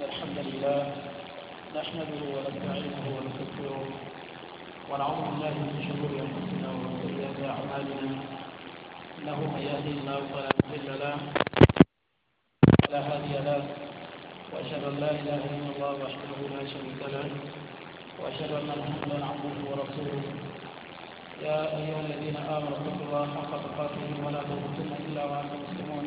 الحمد لله نحمده ونستعينه ونستغفره ونعوذ بالله من شرور انفسنا ومن سيئات اعمالنا انه من يهده الله فلا مضل له ولا هادي له واشهد ان لا اله الا الله وحده لا شريك له واشهد ان محمدا عبده ورسوله يا ايها الذين امنوا اتقوا الله حق تقاته ولا تموتن الا وانتم مسلمون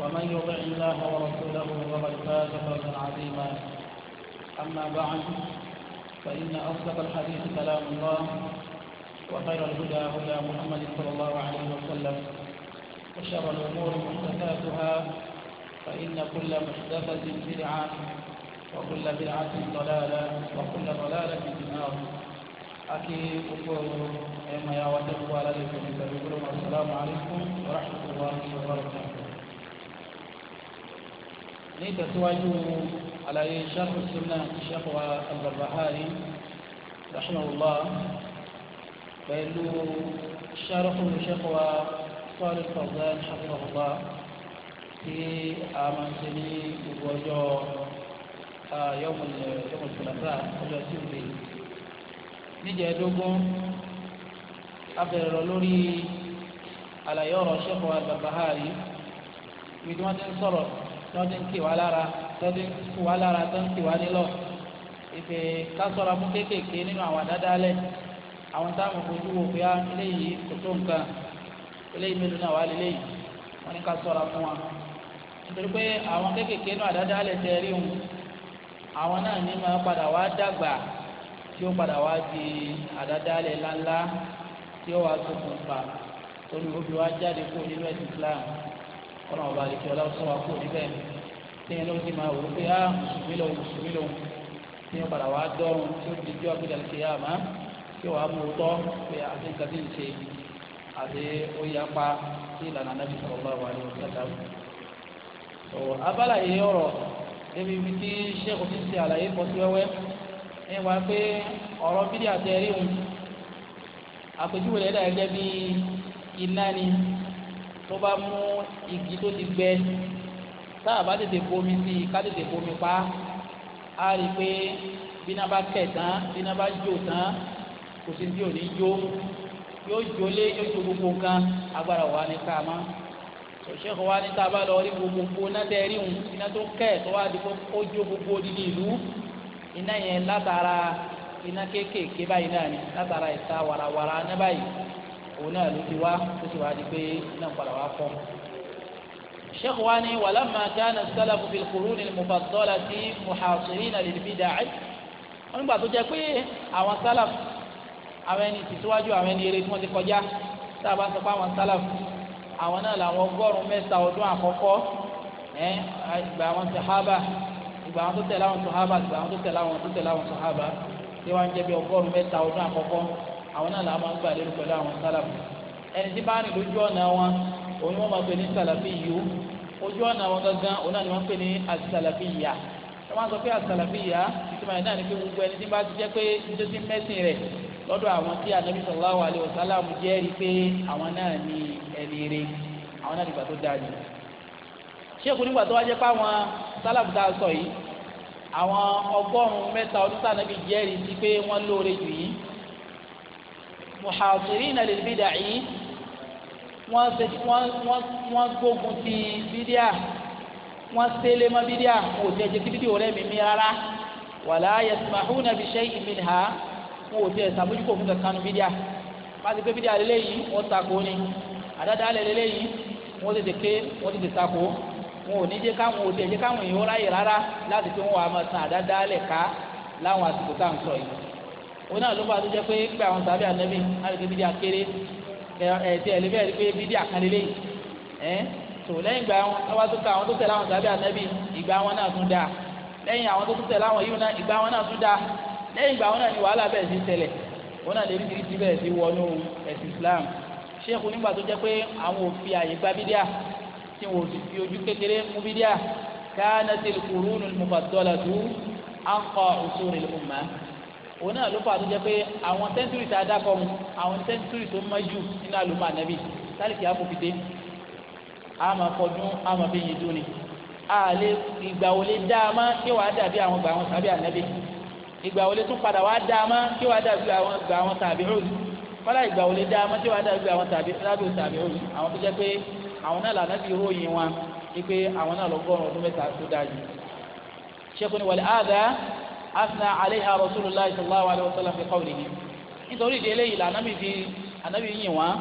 ومن يطع الله ورسوله فقد فاز فوزا عظيما أما بعد فإن أصدق الحديث كلام الله وخير الهدى هدى محمد صلى الله عليه وسلم وشر الأمور محدثاتها فإن كل محدثة بدعة وكل بدعة ضلالة وكل ضلالة في النار أكي أقول أما يا وتقوى لكم السلام عليكم ورحمة الله وبركاته نيتسواجو على شرح السنة الشيخ البربهاري رحمه الله فإنه شرح الشيخ صالح فوزان حفظه الله في آمان سني وجو يوم يوم الثلاثاء وجو سيدي نيجي أدوكم أبدأ لوري على يورو الشيخ البربهاري بدون أن tọ́jú ń kì wá lára tọ́jú ń kì wá lára tó ń kì wá nílọ ìfẹ́ kásọ̀rọ̀ mú kéékèèké nínú àwọn àdádálẹ̀ àwọn táwọn fojú wo pé eléyìí kò tó nǹkan eléyìí mélòó náà wà léléyìí wọ́n ní kásọ̀rọ̀ fún wa nítorí pé àwọn kéékèèké nínú àdádálẹ̀ tẹ rí òun àwọn náà ní máa padà wá dàgbà tí ó padà wá di àdádálẹ̀ ńláńlá tí ó wá tó kùn fà olùkóbi wá jáde kó nínú ẹ̀sìn Islam ọlọ́run ọba àdìkẹ́ ọlá sọ wa kó níbẹ̀ tẹ́yìn ló ń ti máa wò ó pé á ah, mùsùlùmí lòun mùsùlùmí lòun tí wọ́n padà wá dọ́rùn tí ó di jọ́ àgbẹ̀dẹ̀ ṣe yá àmá tí wàá mú un tọ́ pé àti nǹkan tí ń ṣe àti ó yá pa sí ìlànà anábì sallallahu alaihi wasallam. abala yìí ọ̀rọ̀ ebi bi tí sẹ́kù ti ṣe àlàyé pọ̀ sí wẹ́wẹ́ ẹ wá pé ọ̀rọ̀ bídí àtẹ̀rí òun àpèjúwe rẹ̀ dà gẹ́gẹ́ bí iná ni tó bá mú igi tó ti gbẹ táà bá tètè bomi sí i ká tètè bomi pa á rí i pé bíná bá kẹ̀ tán bíná bá jò tán kò sí bí òní jó yóò jólé yóò jó gbogbo nǹkan agbára wà ní káàmá òṣèkò wa ní tábà lọ rí gbogbo iná tẹ rí òun iná tó kẹ̀ tó wá di pé ó jó gbogbo odidi ìlú iná yẹn látara iná kéékèèké báyìí náà ni látara ìta warawara ní báyìí òun náà ló ti wá tó ti wá di pé náà padà wá fọ́. sheikh wa ni walamma kana salafu fil quruni al mufaddalati muhasirina lil bid'ah wọn nígbà tó jẹ́ pé àwọn sálàf àwọn ẹni tìsíwájú àwọn ẹni eré tí wọ́n ti kọjá tá a bá sọ pé àwọn sálàf àwọn náà làwọn ọgọ́rùn mẹ́ta ọdún àkọ́kọ́ ẹ̀ ìgbà àwọn sàhábà ìgbà àwọn tó tẹ̀lé àwọn sàhábà ìgbà àwọn tó tẹ̀lé àwọn tó tẹ̀lé àwọn sàhábà tí àwọn náà làwọn máa ń gbà lérò pẹ̀lú àwọn sálàfù ẹni tí bá rìn lójú ọ̀nà wọn òun wọn máa pè ní sàlàfì yìí ojú ọ̀nà wọn gangan òun náà ni wọ́n pè ní àsàlàfì yà wọ́n máa sọ pé àsàlàfì yà ìtumọ̀ ẹ̀ náà ni pé gbogbo ẹni tí bá ti jẹ́ pé nítorí mẹ́sìn rẹ̀ lọ́dọ̀ àwọn tí anabi sallallahu alaihi wasallam jẹ́rìí pé àwọn náà ni ẹni rẹ̀ àwọn náà nígbà tó dáa jù ṣéèkù nígbà tó wá jẹ́ pé àwọn sálàfù tá a sọ yìí àwọn ọgọ́rùn-ún mẹ́ta ọdún sànàbí jẹ́rìí sí pé wọ́n lóore jù yìí muhadirina lil bid'ah wọ́n ṣe wọ́n wọ́n wọ́n gbógun ti bídíà wọ́n sẹ́lẹ̀ mọ́ bídíà wọn ò tẹ̀ jẹ́ kí bídíà rẹ̀ mímí rárá wala yasmahuna bi shay'in minha wọn ò tẹ̀ sàmójúkò fún kankan nu bídíà wọ́n ti pé bídíà lélẹ́yìí wọ́n takò ni àdáda lélẹ́yìí wọ́n ti tètè wọ́n ti tètè takò wọn ò ní jẹ́ káwọn ò tẹ̀ jẹ́ káwọn èèyàn ráyè rárá láti pé wọ́n wà á máa san àdáda lẹ̀ ká láwọn àsìkò tá à ń sọ yìí òun náà ló bá tó jẹ́ pé pé àwọn sábẹ́ ànábì alùpùpù bídí akéré ẹ̀ẹ́dì ẹ̀lẹ́bẹ̀ rí pé bídí àkànlélẹ́ yìí ẹ̀ tó lẹ́yìn ìgbà wọn wá tó ka àwọn tó tẹ̀lé àwọn sábẹ́ ànábì ìgbà wọn náà tún dáa lẹ́yìn àwọn tó tẹ̀lé àwọn yìí náà ìgbà wọn náà tún dáa lẹ́yìn ìgbà wọn náà ni wàhálà bẹ̀rẹ̀ sí ṣẹlẹ̀ wọn náà lè rí tìrìtì bẹ̀rẹ̀ sí wọnú ẹ̀sìn Islam ṣéèkù nígbà tó jẹ́ pé àwọn òfin àyè gba bídíà tí wọn ò fi ojú kékeré mú bídíà káà náà ti kúrú nínú mọ̀fàdọ́là tó à òṣòro ìlú mọ́ òun náà ló fà tó jẹ́ pé àwọn sẹ́ńtúrì tá a dákọ̀ mu àwọn sẹ́ńtúrì tó mọ́ jù nínú àlùmọ́ ànábì sálìkì àfòfìdé àmọ́ fọdún àmọ́ fi yin dúni àlè ìgbà wo a má kí wàá dàbí àwọn gbà àwọn tàbí ànábì ìgbà tún padà wàá dá a má kí wàá dàbí àwọn gbà àwọn tàbí òòlù kọ́lá ìgbà wo a má kí wàá dàbí àwọn tàbí òòlù tàbí òòlù àwọn tó jẹ́ pé àwọn náà lànà bí ròyìn wọn wípé àwọn náà lọ́gọ́rùn ọdún mẹ́ta tó dáa asna alayha rasulillah sallallahu alayhi wa sallam fi qawlihi nítorí ìdí eléyìí la anabi fi anabi yìn wọn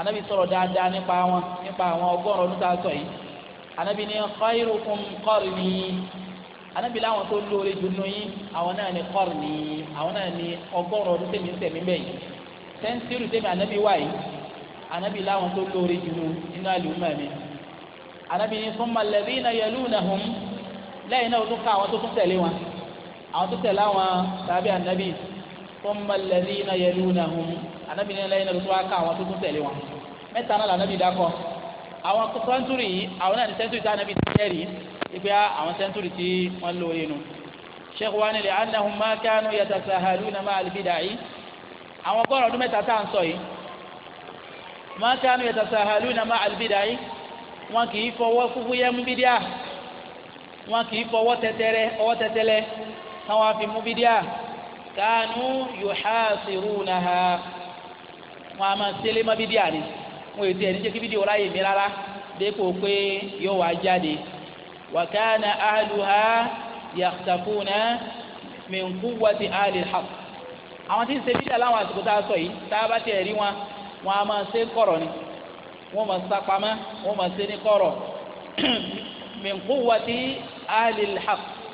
anabi sọ̀rọ̀ dáadáa nípa wọn nípa àwọn ọgọ́rùn ọdún tá a sọ yìí anabi ní khairukum qarni anabi láwọn tó lóore jù nù yín àwọn náà ní qarni àwọn náà ní ọgọ́rùn ọdún tẹmí tẹmí bẹyì sẹńtírù tẹmí anabi wáyé anabi láwọn tó lóore jù nù inú àlùmọ mi anabi ní thumma alladhina yalunahum lẹ́yìn náà ó tún ká àwọn tó tún tẹ̀lé wọn àwọn tó tẹ̀lé àwọn tàbí ànábì thumma alladhina yalunahum ànábì ní lẹ́yìn lọ́sọ́ ká àwọn tó tún tẹ̀lé wọn mẹ́ta náà lànábì dákọ̀ àwọn sẹ́ńtúrì yìí àwọn náà ní sẹ́ńtúrì tí ànábì ti tẹ̀lé ipe àwọn sẹ́ńtúrì tí wọ́n lò yẹnu sheikh wani li annahum ma kanu yatasahaluna ma'al bida'i àwọn gbọ́dọ̀ ọdún mẹ́ta tá à ń sọ yìí ma kanu yatasahaluna ma'al bida'i wọn kì í fọwọ́ fúfú bídíà wọn kì í fọwọ́ tẹtẹrẹ ọwọ́ tẹtẹlẹ káwọn afi mú bídíà kánú yuhasirunaha wọn a máa sẹ́lẹ̀ má bídíà rẹ̀ wọn ètò ẹni jẹ́ kí bídíà ọ̀la yè mí rárá dépò pé yóò wá jáde wa kana ahluha yakhtafuna min quwwati ahli al-haqq àwọn tí ń ṣe bídíà láwọn àsìkò tá a sọ yìí tá a bá tẹ̀ rí wọn wọn a máa ṣe kọ̀rọ̀ ni wọn máa sá pamọ́ wọn máa ṣe ní kọ̀rọ̀ min quwwati ahli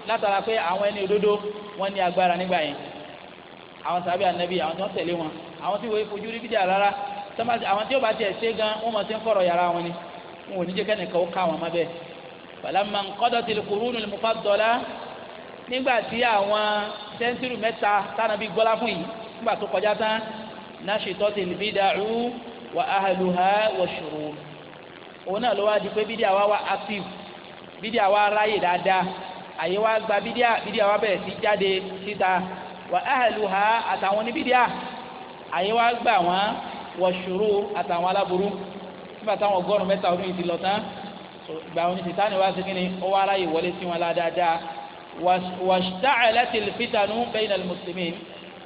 látara pé àwọn ẹni òdodo wọ́n ní agbára nígbà yẹn àwọn sàbí ànábì àwọn tí wọ́n tẹ̀lé wọn àwọn tí wọ́n fojú rí bídíà rárá àwọn tí ó bá tiẹ̀ ṣe gan wọ́n mọ̀ sí ń kọ̀rọ̀ yàrá wọn ni wọn ò ní jẹ́ kẹ́nìkan ó ká wọn má bẹ́ẹ̀ falamma nqadat al-qurunul mufaddala nígbà tí àwọn sẹ́ńtírù mẹ́ta tánàbí gbọ́lá fún yìí nígbà tó kọjá tán nashitatil bid'u wa ahluha wash-shurur òun náà ló wá di pé bídíà wá wá active bídíà wá ráyè dáadáa àyè wa gba bídíà bídíà wa bẹ̀rẹ̀ sí jáde síta wà áhàlù ha àtàwọn ní bídíà àyè wa gbà wọ́n wọ̀ ṣòro àtàwọn aláburú nígbà táwọn ọgọ́rùn mẹ́ta ọdún yìí ti lọ tán ìgbà wọn ni sitani wa ṣe kíni ó wá aráyè wọlé sí wọn ládáadáa washta'alatil fitanu bainal muslimin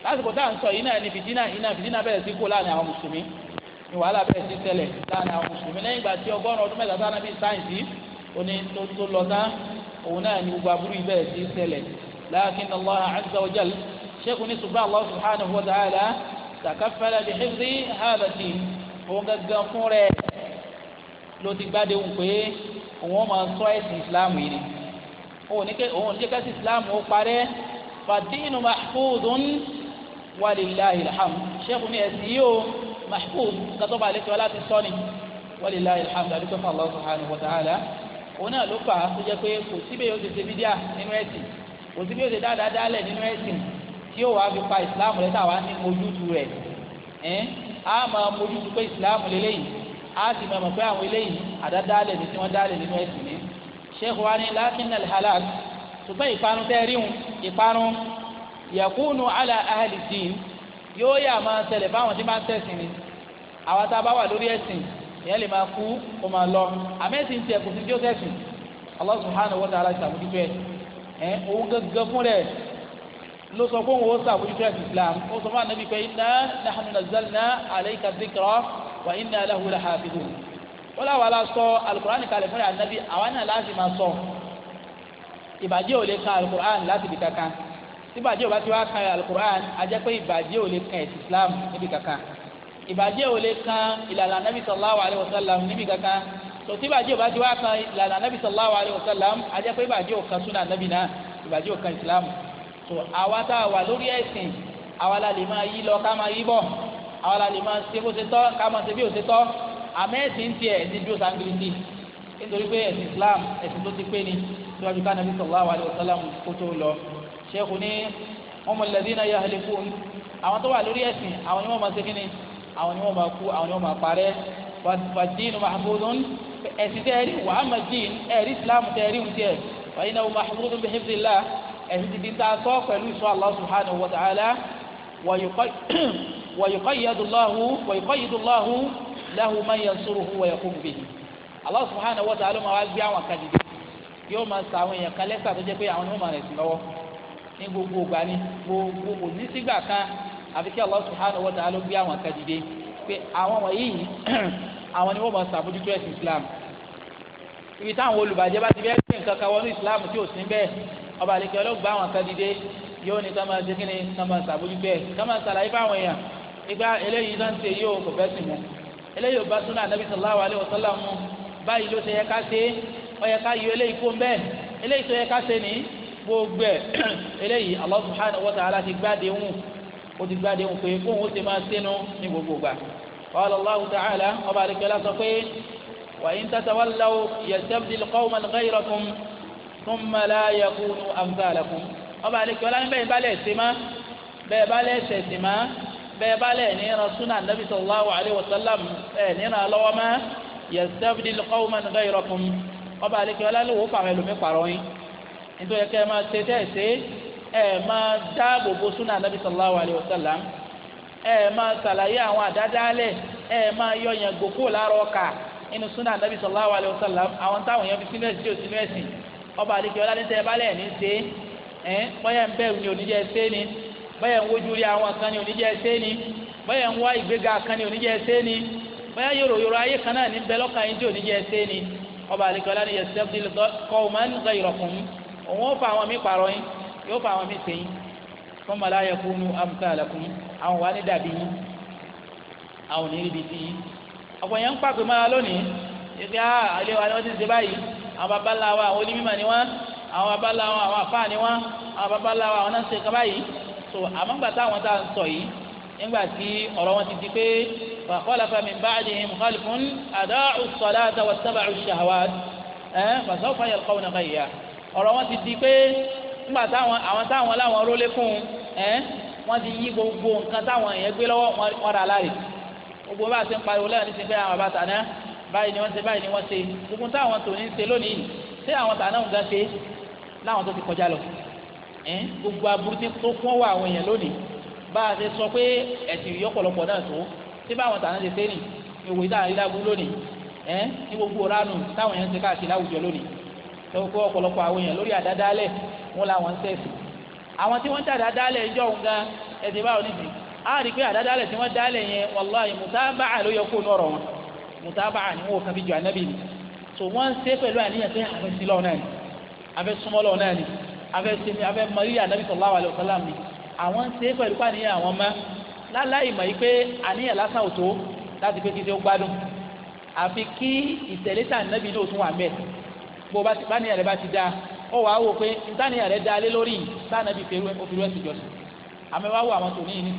lásìkò tá à ń sọ yìí náà ni fìtínà iná fìtínà bẹ̀rẹ̀ sí kó láàrin àwọn mùsùlùmí ni wàhálà bẹ̀rẹ̀ sí tẹ̀lẹ̀ láàrin àwọn mùsùlùmí lẹ́yìn ìgbà tí ọgọ́rùn ọdún mẹ́ta sáà náà bí sáyẹ̀nsì oní tó lọ tán òun náà ni gbogbo aburú yìí bẹ̀rẹ̀ sí í ṣẹlẹ̀ lakin allah azza wa jal sheikh ni subhan allah subhanahu wa ta'ala takafala bi hifzi hadha din òun gangan fún rẹ̀ ló ti gbádé òun pé òun ó máa ṣọ́ ẹ̀sìn islam yìí ni òun ní kẹ́sì islam ó parẹ́ fàdínù mahfudun walilahi alhamd sheikh ni ẹ̀sìn yìí ó mahfud kátó balẹ̀ tí wọ́n sọ ni walilahi alhamd adúgbò allah subhanahu wa ta'ala òun náà ló fà á tó jẹ́ pé kò síbẹ̀ yóò ṣe ṣe bídíà nínú ẹ̀sìn kò síbẹ̀ yóò ṣe dáadáa dálẹ̀ nínú ẹ̀sìn tí yóò wá fi pa ìsìláàmù rẹ̀ táwa ní mojútu rẹ̀ ẹ̀ á máa mojútu pé ìsìláàmù lélẹ́yìn á sì máa mọ̀ pé àwọn eléyìí àdádálẹ̀ ní tí wọ́n dálẹ̀ nínú ẹ̀sìn ní. sheikh wa lakin alhalak ṣùgbọ́n ìparun tẹ́ ríhun ìparun yakunu ala ahli yóò yà máa ṣẹlẹ̀ fáwọn tí máa tẹ̀sìn ni àwọn tá a bá wà lórí ẹ̀sìn ìyẹn lè máa kú kó máa lọ àmẹ́sì ń tẹ kò sí joseph Allah subhanahu wa ta'ala ṣàmójútó ẹ̀ ẹ̀ òun gẹ́gẹ́ fún rẹ̀ ló sọ fún wọn ṣàmójútó ẹ̀ islam ó sọ fún anabi pé inna nahnu nazzalna alayka dhikra wa inna lahu lahafidun wọ́n láwa la sọ alukur'an kalẹ̀ fún rẹ̀ anabi àwa náà láti máa sọ ìbàjẹ́ ò lè kan alukur'an láti bì kankan ìbàjẹ́ ò bá ti wá kan alukur'an a ìbàjẹ́ ò lè kan ẹ̀sìn islam níbi kankan ìbàjẹ́ ò lè kan ìlànà anabi sallallahu alayhi wa sallam níbi kankan tó tí ìbàjẹ́ ò bá ti wá kan ìlànà anabi sallallahu alayhi wa sallam a jẹ́ pé ìbàjẹ́ ò kan súnà anabi náà ìbàjẹ́ ò kan ìsìlámù tó àwa tá a wà lórí ẹ̀sìn àwa la lè máa yí lọ ká máa yí bọ̀ àwa la lè máa ṣe bó ṣe tọ́ ká máa ṣe bí ò ṣe tọ́ àmọ́ ẹ̀sìn tiẹ̀ ẹ̀sìn dúró sangiriti nítorí pé ẹ̀sìn islam ẹ̀sìn tó ti pé ni àwọn ni wọ́n máa kú àwọn ni wọ́n máa parẹ́ fàdínù mahfudun ẹ̀sìn tẹ́ ẹ̀rí wàhámà dín ẹ̀rí islam tẹ́ ẹ̀rí oúnjẹ fàyínà mahfudun bí hifzillah ẹ̀sìn ti di ta sọ pẹ̀lú ìṣọ́ Allah subhanahu wa ta'ala wàyíkọ́yìdùláhù lahu man yansuruhu wa yaqum bihi Allah subhanahu wa ta'ala máa wá gbé àwọn kan dìde yóò máa sa àwọn èèyàn kan tó jẹ́ pé àwọn ni wọ́n máa rẹ̀ sí lọ́wọ́ ní gbogbo ìgbà ni gbogbo òní sígbà kan àfi kí Allah subhanahu wa ta'ala gbé àwọn kan dìde pé àwọn wọ̀nyí àwọn ni wọ́n máa ṣàbójútó ẹ̀sìn Islam ibi táwọn olùbàjẹ́ bá ti bẹ́ẹ̀ gbé nǹkan kan wọnú Islam tí ò sí bẹ́ẹ̀ ọba àlekè ọlọ́gbà àwọn kan yóò ní ká máa ṣe kí ẹ̀ ká máa fáwọn èèyàn nígbà eléyìí náà ń ṣe yóò kò fẹ́ sìn mọ́ eléyìí ò bá súnà gbogbo ẹ̀ eléyìí Allah subhanahu wa ta'ala ti gbáde ń wù ó ti gbáde ń pé fóun ó ti máa sínú ní gbogbo gbà qala Allahu ta'ala ọba àdìgbẹ́lá sọ pé wa in tatawallaw yastabdil qawman ghayrakum thumma la yakunu amthalakum ọba àdìgbẹ́lá ń bẹ́ẹ̀ balẹ̀ sí bẹ́ẹ̀ balẹ̀ sẹ̀ bẹ́ẹ̀ balẹ̀ ní ìran súnà nàbì alayhi wa sallam ẹ̀ ní ìran lọ́wọ́ ma yastabdil qawman ghayrakum ọba àdìgbẹ́lá ló wò fàwọn ẹlòmí pàrọ̀ yín nítorí kẹ́ máa ṣe tẹ́ ẹ máa dáàbò suna súnà nàbí sallallahu alayhi wa sallam ẹ máa ṣàlàyé àwọn àdádálẹ̀ ẹ máa yọ yẹn gòkó láàárọ̀ ọkà nínú súnà anabi sallallahu alayhi wa sallam àwọn táwọn yẹn fi sínú ẹ̀sìn tí ò sínú ẹ̀sìn ọba balẹ̀ ní bọ́yẹ̀ ń bẹ̀rù ní ni bọ́yẹ̀ ń wojú rí àwọn kan ní oníjẹ ni bọ́yẹ̀ ń wá ìgbéga kan ní ni bọ́yẹ̀ yòrò yòrò ayé fa àwọn mí yóò fa àwọn míì sẹ́yìn fọmọ aláyẹ kúnú amúkàlàkùn àwọn wà ní dàbí yín àwọn ní ibi tí yín ọ̀pọ̀ yẹn ń pàpè mọ́ra lónìí ìgbé àlẹ́ ah, wa ni wọ́n ti ṣe báyìí àwọn bàbá ńlá wa àwọn onímọ̀ ni wọ́n àwọn bàbá ńlá wa àwọn àfáà ni wọ́n àwọn bàbá ńlá wa àwọn náà ṣe kaba yìí so àmọ́ ńgbà táwọn tá ń sọ yìí nígbà tí ọ̀rọ̀ wọn ti di pé wa khalafa nígbà táwọn àwọn táwọn láwọn rólé fún un ẹ wọn ti yí gbogbo nǹkan táwọn èèyàn gbé lọ́wọ́ wọn rà láre gbogbo bá a ti ń pariwo lẹ́yìn ní ti fẹ́ àwọn bàtà náà báyìí ni wọ́n ṣe báyìí ni wọ́n ṣe gbogbo táwọn tò ní ṣe lónìí ṣé àwọn tà náà ń gan ṣe láwọn tó ti kọjá lọ ẹ gbogbo aburú tí tó kún wà àwọn èèyàn lónìí bá a ṣe sọ pé ẹ̀sìn ìyọ́pọ̀lọpọ̀ náà tó ṣé báwọn tà náà ṣe ṣe nì ìwòye táwọn ilé aburú lónìí ẹ ní gbogbo ránù táwọn èèyàn ń káàkiri láwùjọ lónìí lọ́wọ́ kó ọ̀pọ̀lọpọ̀ àwọn èèyàn lórí àdádálẹ̀ wọn làwọn ń sẹ́sì àwọn tí wọ́n ń tàdádálẹ̀ ìjọ òun gan ẹ̀sìn báwọn níbi á rí i pé àdádálẹ̀ tí wọ́n dálẹ̀ yẹn wàláhì mùtábàá ló yẹ kó nù ọ̀rọ̀ wọn mùtábàá ni wọn ò kàn fi jù ànábì ni tò wọ́n ń ṣe pẹ̀lú àníyàn pé àfẹ́ sí lọ́wọ́ náà ni àfẹ́ súnmọ́ lọ́wọ́ náà ni àfẹ́ sí ni àfẹ́ mọ̀rí ànábì sallallahu alaihi wasallam ni àwọn ń ṣe pẹ̀lú pàníyàn àwọn mọ́ láláì mọ̀ yìí pé àníyàn lásán ò tó láti pé kí ṣe ó gbádùn àfi kí ìtẹ̀lé tà náà tún wà mẹ́ẹ̀ bó bá ti báníyà rẹ bá ti da ó wàá wò pé ntáníyà rẹ da lé lórí sànàbí fèrú òfìrú ẹsẹ jọsìn àmì wá wò àwọn tó ní ìní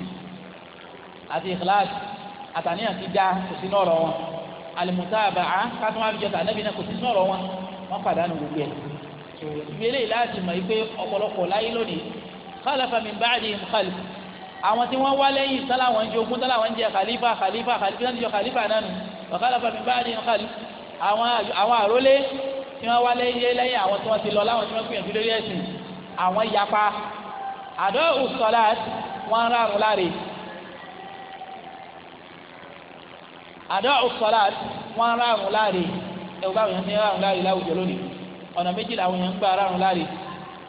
àti ìkìláàsì àtàníyàn ti da kò sí nọ̀rọ̀ wọn àlùmùtáàbàá kátàmá fi jọta ànábì náà kò sí nọ̀rọ̀ wọn wọn pàdánù gbogbo ẹ ìgbélé láti mọ̀ pé ọ̀pọ̀lọpọ̀ láyé lónìí khalafa min ba'dihim khalif àwọn tí wọ́n wá lẹ́yìn sáláwọn jẹ ogún sáláwọn jẹ khalifa khalifa khalifa náà ti jọ khalifa náà nù khalafa min ba'dihim khalif àwọn àrólé tí wọ́n wá lẹ́yìn lẹ́yìn àwọn tí wọ́n ti lọ láwọn tí wọ́n gbìyànjú lórí ẹ̀sìn àwọn yapa àdó ìsọ̀láàt wọ́n rárun láre àdó ìsọ̀láàt wọ́n rárun láre ẹ̀wù báwọn yẹn ti rárun láre láwùjọ lónìí ọ̀nà méjì làwọn yẹn ń gbà rárun láre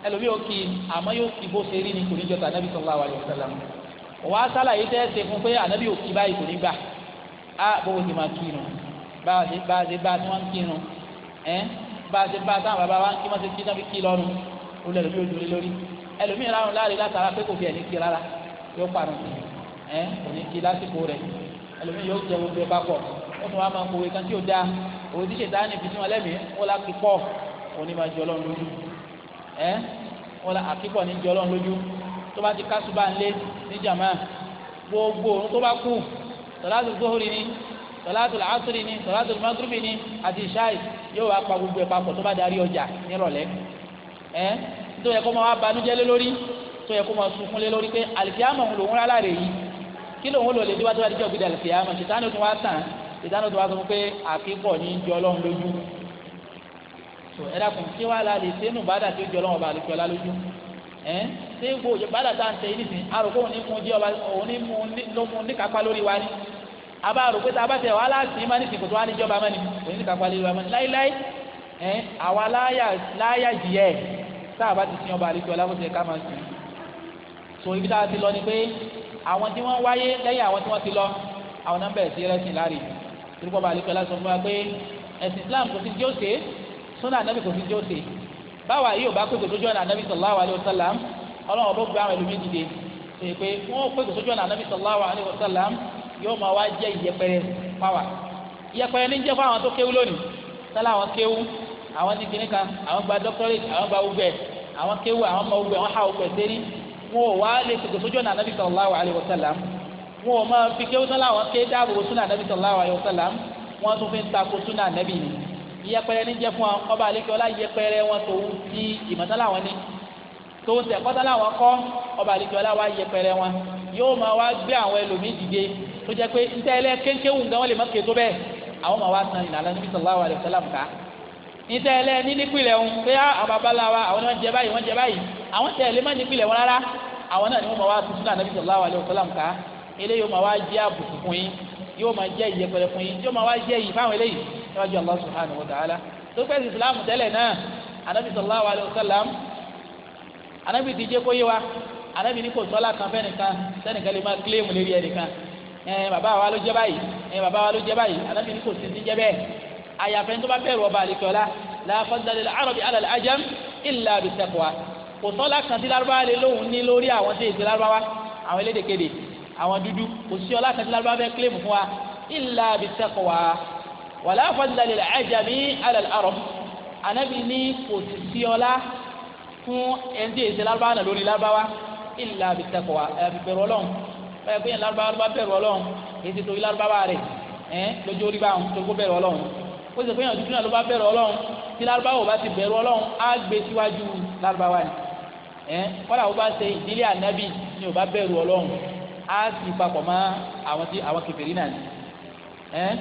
ẹlòmíì ó kì í àmọ́ yóò kì í bó ṣe rí ni kò ní jọta anábì sallallahu alaihi wasallam wà á sálàyé tẹ́ fún pé anábì ò báyìí kò ní gbà á bó ti máa kírun bá a ṣe bá a kírun ẹ́ bá a ṣe bá a sáwọn bàbá wa kí wọ́n ṣe kí náà fi kí o olú ẹlòmíì ò dúró lórí ẹlòmíì ráhùn láàrin látara pé kò fi ẹ̀ní kí rárá yóò parun ẹ kò ní kí lásìkò rẹ ẹlòmíì yóò jẹ gbogbo papọ̀ ó tún wá máa kó wékan tí ò dáa òun ti ṣètá ní ìfisùn ẹlẹ́mìí wọ́n la kíkọ́ òun ni máa jẹ ọlọ́run lójú ẹ wọ́n la àkíkọ́ ní jẹ ọlọ́run lójú tó bá ti kásù bá ń lé ní jàmá gbogbo òun tó bá kù tọ́lá sọláàtù làásùrì ni sọláàtù magrebi ni àti ṣáì yóò wá pa gbogbo ẹ̀ papọ̀ tó bá darí ọjà nírọ̀lẹ́ ẹ tó yẹ kó máa wá banújẹ́ lé lórí tó yẹ kó máa sunkún lé lórí pé àlìkíyàmọ òun lòun rárá rè yìí kí lòun lò lè díwájú àdíjọ gbé àlìkíyàmọ ṣìtánù tó wá tàn ṣìtánù tó wá sọ pé àkíkọ ní jọ Ọlọ́run lójú tó ẹ dákun kí wàá la lè sẹnu bàdà tó jọ Ọlọ́run ọba àlìkíyọlá lójú ẹ ṣé gbogbo bàdà tá à ń tẹ yìí nìsín àròkọ òun mú jẹ ọba òun mú ní kápá lórí wa ni abáàrò pé tá a bá tẹ wàhálà sí i má ní sìnkú tó wà níjọba má ní òní ní kápá lélu àmọ́ni láíláí ẹ àwa láyà jìyẹ tá a bá ti sin ọba àlejò ọlábòsẹ ká máa sìn so ibi tá a ti lọ ni pé àwọn tí wọ́n wáyé lẹ́yìn àwọn tí wọ́n ti lọ àwọn náà bẹ̀rẹ̀ sí ẹlẹ́sìn láre torípọ̀ àlejò ọlásọ fún wa pé ẹ̀sìn Islam kò sí tí ó ṣe sunna anabi kò sí tí ó báwa yìí ò bá sallam ọlọ́run ọ̀bọ̀ gbé àwọn ẹlòmíì dìde ṣe pé wọ́n pèsè tó anabi sallallahu alayhi wa sallam yóò máa wá jẹ́ ìyẹpẹrẹ fáwa ìyẹpẹrẹ ní jẹ́ fáwọn tó kéwú lónìí sálá àwọn kéwú àwọn ní kíníkà àwọn gba dọ́kítọ́rẹ́tì àwọn gba ugbẹ e, àwọn kéwú àwọn ọmọ ugbẹ e, wọn há ugbẹ e sẹ́ni wọn ò wá lè tètè sójú ọ̀nà anábì sallallahu alaihi wasallam wọn ò máa fi kéwú sálá àwọn ké dáàbò súnà anábì sallallahu alaihi wasallam wọn tún fi ń takò súnà anábì ni ìyẹpẹrẹ ní jẹ́ fún ọba àlekẹ́ọ́lá ìyẹpẹrẹ wọn tó wú sí ìmọ̀tálà wọn ni tó ń sẹ kọ́tà láwọn kọ́ ọba yẹpẹrẹ wọn yóò máa tó jẹ́ pé níta ẹlẹ kéńkéwù nǹkan wọn lè má kéto bẹ́ẹ̀ àwọn máa wá san ìlànà níbi sallallahu alaihi wasallam ká níta ẹlẹ ní nípìnlẹ̀ ń pé ah, àbábálá wa àwọn náà jẹ báyìí wọ́n jẹ báyìí àwọn tẹ̀ lé má nípìnlẹ̀ wọn rárá àwọn náà ni wọ́n máa wá tuntun náà níbi sallallahu alaihi wasallam ká eléyìí yóò máa wá jẹ́ àbùkù fún yín yóò máa jẹ́ ìyẹpẹrẹ fún yín yóò máa wá jẹ́ ìyí fáwọn eléyìí níwájú Allah subhanahu ẹ bàbá wa ló jẹ báyìí ẹ bàbá wa ló jẹ báyìí anabi ní kò sí ní jẹ bẹ́ẹ̀ àyàfẹ́ tó bá bẹ̀rù ọba àlekọ́lá la fadla lil arabi ala al ajam illa bi kò sọ́lá kan tí lárúbáwá lè lóhùn ní lórí àwọn tí èsì lárúbáwá àwọn elédèkéde àwọn dúdú kò sí ọlá kan tí lárúbáwá fẹ́ kílèmù fún wa illa bi taqwa wala fadla lil ajami anabi ní kò sì sí ọlá fún ẹni tí èsì lárúbáwá báyìí pé lárúbáwá ló bá bẹ̀rù ọlọ́run kì í ṣe torí lárúbáwá rẹ̀ ẹ̀ lójú orí bá òun torí kó bẹ̀rù ọlọ́run ó sì pé yàn dúdú náà ló bá bẹ̀rù ọlọ́run tí lárúbáwá ò bá ti bẹ̀rù ọlọ́run á gbé síwájú lárúbáwá ni ẹ̀ kọ́dà ó bá ṣe ìdílé ànábì ni ò bá bẹ̀rù ọlọ́run á sì papọ̀ mọ́ àwọn tí àwọn kèfèrí náà ni ẹ̀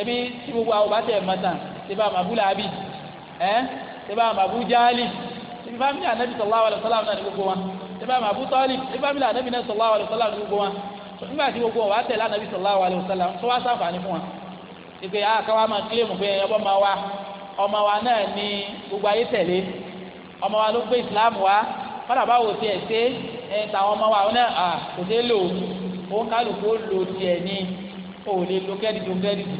ẹbí tí gbogbo àwọn bá tẹ̀ mọ́tà ṣe bá màbúlà ábì ẹ̀ ṣe bá màbú jáálì ṣe bá mi ànábì sallallahu alaihi wasallam náà ní gbogbo ìbá màbú tọ́lì ìbá mi là ànábì náà sallallahu alaihi wasallam ní gbogbo wọn nígbà tí gbogbo wọn wá tẹ̀lé ànábì sallallahu alaihi wasallam tó wá sáǹfààní fún wọn. ìpè á ah, káwá máa kílèmù pé ọmọ ma wa ọmọ wa náà ní gbogbo ayé tẹ̀lé ọmọ wa ló gbé ìsìláàmù wa fọlá bá wò tiẹ̀ ṣe ẹ tàwọn ọmọ wa náà ah, kò dé lò ó kálukú lò tiẹ̀ ní òòlè lo kẹ́rìndò kẹ́rìndò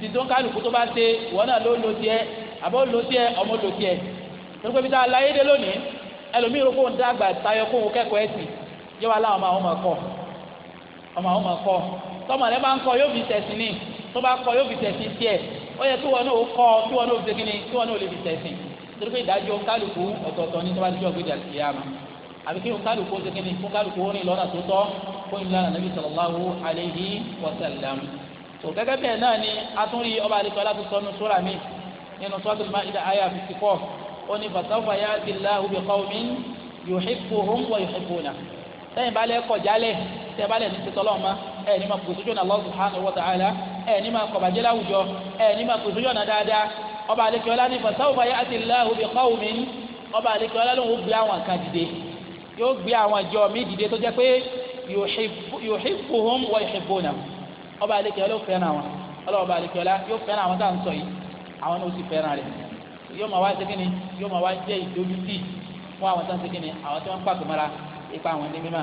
ti tó kálukú tó bá ṣe ìwọ náà ló lo tiẹ̀ àbọ̀ lo tiẹ̀ ọmọ lo tiẹ̀ tó gbé bí tá a la yé dé lónìí ẹlòmíì rò fóun dàgbà tayọ fóun kẹ́kọ̀ọ́ ẹ̀sìn yóò wá láwọn ọmọ àwọn ọmọ kọ́ ọmọ àwọn ọmọ kọ́ tọmọ rẹ bá ń kọ yóò fi tẹ̀sìn ní tó bá kọ yóò fi tẹ̀sìn tiẹ̀ ó yẹ kí wọn náà kọ kí wọn náà fi segin kí wọn náà lè fi tẹ̀sìn torí pé ìdájọ́ kálukú ọ̀tọ̀ọ̀tọ̀ ní tọ́ba díjọ́ gbéjà sí yá àbí kí kálukú segin ní kálukú ó rìn lọ́nà tó tọ́ kó ní lọ́nà nàbí sallallahu alaihi tó gẹ́gẹ́ bẹ́ẹ̀ náà ni atúnrí ọba àlekọ́ ó ní fasawfa ya'ti Allahu bi qawmin yuhibbuhum wa yuhibbuna sẹ́yìn bá lẹ́ kọjálẹ̀ sẹ́yìn bá lẹ́ ní tètè ọlọ́run ma ẹ̀ ní ma kùsùn jọ̀nà Allah subhanahu wa ta'ala ẹ̀ ní ma kọ̀bàjẹ́ láwùjọ ẹ̀ ní ma kùsùn jọ̀nà dáadáa ọba àlekèọ́lá ní fasawfa ya'ti Allahu bi qawmin ọba àlekèọ́lá ló ń gbé àwọn kan dìde yóò gbé àwọn ìjọ mi dìde tó jẹ́ pé yóò fẹ́ràn àwọn ń sọ yóò máa wá sékìnì yóò máa wá jẹ́ ìdójútì fún àwọn tán sékìnì àwọn tí wọ́n ń pàtó mọ́ra ipa àwọn ní mímọ́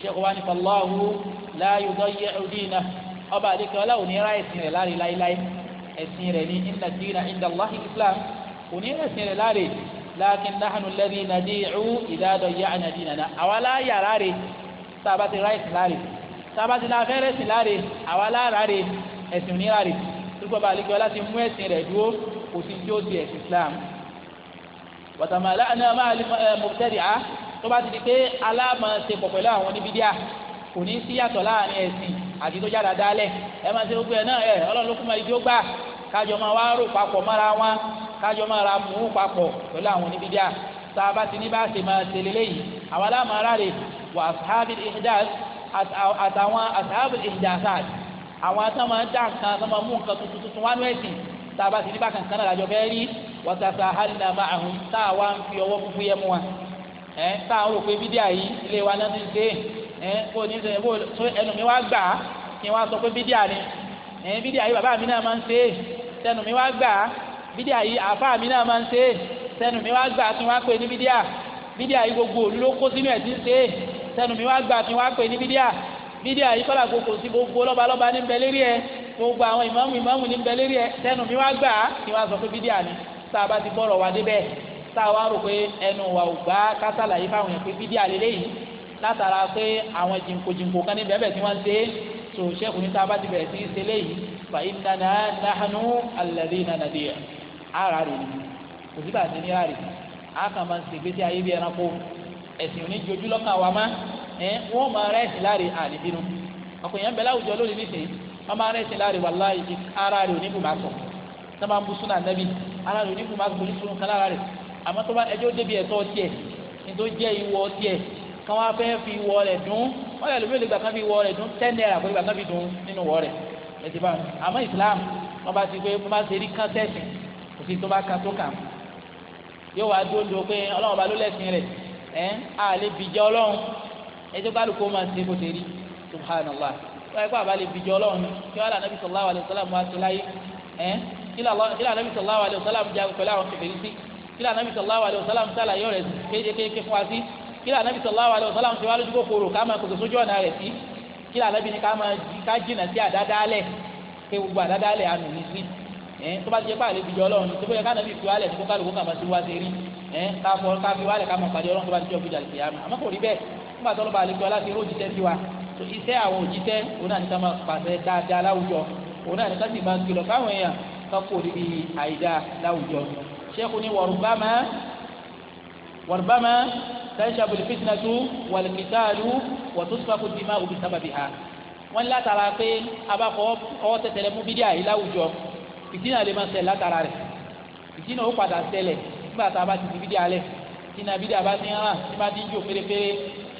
ṣẹ́kọ̀ wá ní fallahu la yudayyi'u dinahu ọba àdékẹ́ ọlá òní ra ẹ̀sìn rẹ̀ láre láéláé ẹ̀sìn rẹ̀ ní inna dina inda Allahi islam òní ẹ̀sìn rẹ̀ láre lakin nahnu alladhina nadi'u idha dayya'na dinana àwa láyàrá rẹ̀ tá a ẹ̀sìn rẹ̀ láre tó gbọ́ bá àdékẹ́ ọlá ti kò sí jó di ẹ̀sìn islam wàtàmàlà ẹni ọmọ mọ̀tẹ́rì á tó bá ti di pé aláàmọ̀sepọ̀ pẹ̀lú àwọn oníbídíà kò ní sí yàtọ̀ láàrin ẹ̀sìn àti tó jáde dálẹ̀ ẹ máa ṣe gbogbo ẹ̀ náà ẹ ọlọ́run ló kún mọ́ ijó gbà kájọ máa wá rò papọ̀ mọ́ra wọn kájọ máa ra mú papọ̀ pẹ̀lú àwọn oníbídíà tá a bá ti ní bá a ṣe máa ṣe lélẹ́yìí àwọn aláàmọ̀ra rè wà sábì ìdáz àtàwọn àtàwọn ìdásá àwọn tá a bá ti ní bákan kan náà lájọ fẹ́ rí wàtàtà hàlìnà ma'ahum tá a wá ń fi ọwọ́ fúnfún yẹ mú wa ẹ tá a rò pé bídíà yìí ilé wa náà ti ń dé ẹ bó ní sẹ bó tó ẹnu mi wá gbà á kí n wá sọ pé bídíà ni ẹ bídíà yìí bàbá mi náà máa ń ṣe é sẹnu mi wá gbà á bídíà yìí àfa mi náà máa ń ṣe é sẹnu mi wá gbà á kí n wá pè ní bídíà bídíà yìí gbogbo olú ló kó sínú ẹ̀ ti ń ṣe sẹnu mi wá gbà á kí n pè ní bídíà bídí àyíkọ́lá gbogbo sí gbogbo lọ́ba lọ́ba ní bẹ lérí ẹ gbogbo àwọn ìmáàmù ìmáàmù ní bẹ lérí ẹ tẹnu mi wá gbà á ni wá sọ pé bídí àní tá a bá ti bọ̀rọ̀ wá débẹ̀ tá a wá rò pé ẹnu wa ò gbá kásálàyé fáwọn yẹn pé bídí àlélẹ́ yìí látara pé àwọn jìnkòjìnkò kan ní bẹ́ẹ̀ tí wọ́n ṣe é tó ṣẹ́kù ní tá bá ti bẹ̀rẹ̀ sí ẹ wọn máa rẹ́sì láre àdìbínú ọkùnrin yẹn bẹ láwùjọ lónìí nísìnyí wọn máa rẹ́sì láre wàláhì ara rẹ oníbù máa sọ tó máa ń bu súnà nẹ́bí ara rẹ oníbù máa sọ ní sunun kan ara rẹ àmọ́ tó bá ẹjọ́ débi ẹ̀tọ́ tiẹ̀ nítorí jẹ́ ìwọ tiẹ̀ kí wọ́n fẹ́ fi ìwọ rẹ̀ dún wọ́n lè lómi ìgbà kan fi ìwọ rẹ̀ dún ten naira kó ìgbà kan fi dún nínú wọ́ rẹ̀ ẹtì bá àmọ́ Islam wọ́n bá ti pé wọ́n bá ti rí kántẹ́ẹ̀sì kò tó bá kan tó kàn yóò wá dúró pé Ọlọ́run bá ló lẹ́sìn rẹ̀ ẹ̀ á lè Ọlọ́run ẹjọ́ kálukú máa ṣe bó ṣe rí subhanallah wọ́n ẹgbẹ́ àbálẹ̀ ìbíjọ́ ọlọ́run kí wọ́n lànà bíi sallallahu alayhi wa sallam wá sí láyé ẹ́ kí lànà bíi sallallahu alayhi wa sallam jagun pẹ̀lú àwọn kẹfẹ́ sí kí lànà bíi sallallahu alayhi wa sallam sàlàyé rẹ̀ kéékèèké fún wa sí kí lànà bíi sallallahu alayhi wa sallam ṣe wá lójú kòkòrò ká máa kòkòrò sójú ọ̀nà rẹ̀ sí kí lànà bíi ká jìnà sí àdádálẹ̀ ké gbogbo àdádálẹ̀ àmì nìyí ẹ tó bá ti jẹ pé àlè ìbíjọ ọlọ́run tó bóyá kánà bí fi wálẹ̀ tó kálukú kàmá sí wá sí rí ẹ káfọ káfí wálẹ̀ káfọ pàdé ọlọ́run tó bá ti jọ fújà lè fi àmọ́ kò rí bẹ́ẹ̀ nígbà tó lọ́ba àlejò aláṣẹ eré òjìtẹ́ sí wa tó iṣẹ́ àwọn òjìtẹ́ òun náà ní ká máa pàṣẹ dáadáa láwùjọ òun náà ní ká sì máa kìlọ̀ fáwọn èèyàn ká kó o níbi àìdá láwùjọ. sẹ́kù ni wọ̀rùbámá wọ̀rùbámá tẹ́sàbù fitnatu wàlùkìtàlù wọ̀túnṣàkù dìímà òbí sábàbíhà wọ́n látara pé abakọ̀ ọwọ́ tẹ̀tẹ̀rẹ̀ mú bídíà yìí láwùjọ ìdínà lè máa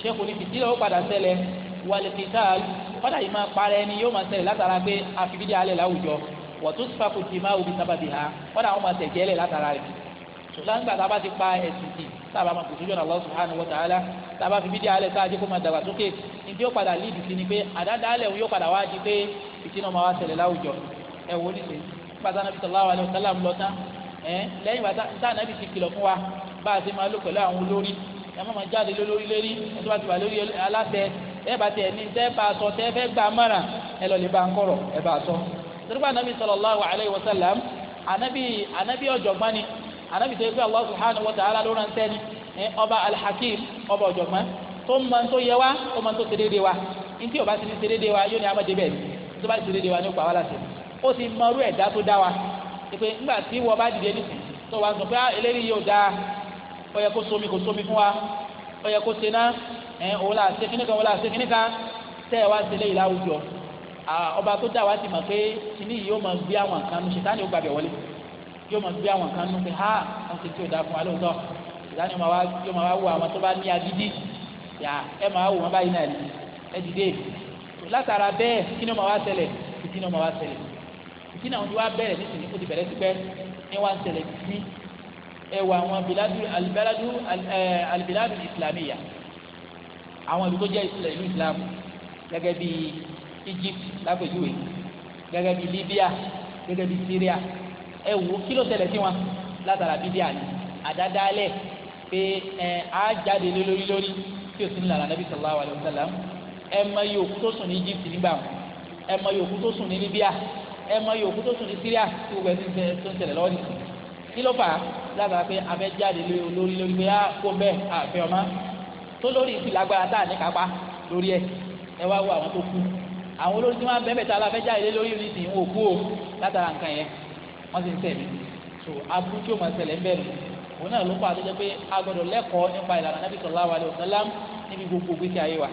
sẹ́kù ní fìdí ó padà ṣẹlẹ̀ wàlìkìtà kọ́dà yìí máa parẹ́ ni yóò máa ṣẹlẹ̀ látara pé àfibídí alẹ́ láwùjọ wọ́tún sípàkù tì máa wùbí sábàbí ha kọ́dà àwọn máa tẹ̀jẹ́ lẹ̀ látara rẹ̀ ṣùgbọ́n gbàtà bá ti pa ẹ̀sìn tì sábà máa kùtù jọ̀nà Allah subhanahu wa ta'ala sábà fi bídí alẹ́ sáájú kó máa dàgbà sókè ní tí ó padà lídìí sí ni pé àdádálẹ̀ òun yóò padà wá di pé ìtinú máa wá ṣẹlẹ̀ láwùjọ ẹ̀ wò ó nìṣe pàtàkì nàbí sallallahu alaihi wasallam lọ tán ẹ̀ bá a ti máa lò pẹ̀lú àwọn olórí Ya má máa jáde lórí lérí ẹ tó bá ti wà lórí bá ní tẹ́ bá a sọ tẹ́ fẹ́ gbà mọ́ra mara lọ lè bá ń kọ̀rọ̀ bá sọ. anabi sallallahu alayhi wa sallam anabi anabi ọ̀jọ̀gbọ́n ni anabi tẹ́ pé Allah subhanahu wa ta'ala ló ránṣẹ́ ni ọba alhakim ọba ọ̀jọ̀gbọ́n tó ń mọ̀ wa ó wa ntí o bá ti ní wa yóò ní tó bá ti o ó wa tí wọ́n bá dìde tó wá sọ ah, ó kó somi kò somi fún wa ó kó sena ẹ òun là ṣe kíníkan òun se ṣe kíníkan tẹ ẹ wá ṣe lé ìlà àwùjọ ọba tó dá wa ti mọ̀ pé kíní yìí yóò máa gbé àwọn nǹkan nu ṣètánì ó gbàgbẹ́ wọlé yóò máa gbé àwọn nǹkan pé ha wọ́n ti tí ò dáa fún wa lóòótọ́ ṣètánì yóò máa wá wo àwọn tó bá ní agídí yà ẹ máa wò wọ́n báyìí náà ẹ dìde látara bẹ́ẹ̀ kíní ó máa wá ṣẹlẹ̀ kíní wa máa wá àwọn tí wá bẹ̀rẹ̀ nísìnyí kó ti bẹ̀rẹ̀ sí pẹ́ wá ń ṣẹlẹ̀ ẹwà àwọn biladu alibiladu alibiladu islamiya àwọn ibi tó jẹ́ ìlú islam gẹ́gẹ́ bí egypt lápẹjúwe gẹ́gẹ́ bí libya gẹ́gẹ́ bí syria ẹ wò kí ló ṣẹlẹ̀ sí wọn látara bíbí àná àdádálẹ̀ pé ẹ á jáde lé lórí lórí tí o sì ń lára nàbí sallallahu alayhi wa sallam ẹ mọ iye òkú tó sùn ní egypt nígbà wọn ẹ mọ iye òkú tó sùn ní libya ẹ mọ iye òkú tó sùn ní syria tí gbogbo ẹ ti ń ṣẹlẹ̀ lọ́wọ́ nìkan kí ló dábàá pé abẹ́ jáde lé olórí lórí pé ah, kó bẹ́ẹ̀ àfẹ́ ọmọ tó lórí ìsìn lágbára tá à ní kápá lórí ẹ̀ ẹ wá wo àwọn tó kú àwọn olórí tí wọ́n bẹ́ẹ̀ bẹ́ẹ̀ tá a la fẹ́ jáde lé lórí ìsìn wọn ò kú o látara nǹkan yẹn wọ́n sì ń tẹ̀lé so aburú tí ó máa ṣẹlẹ̀ ń bẹ̀rù òun náà ló kọ́ àtọ́jọ́ pé a gbọ́dọ̀ lẹ́kọ̀ọ́ nípa ìlànà nàbí sallallahu alaihi wasallam níbi gbogbo gbèsè ayé wa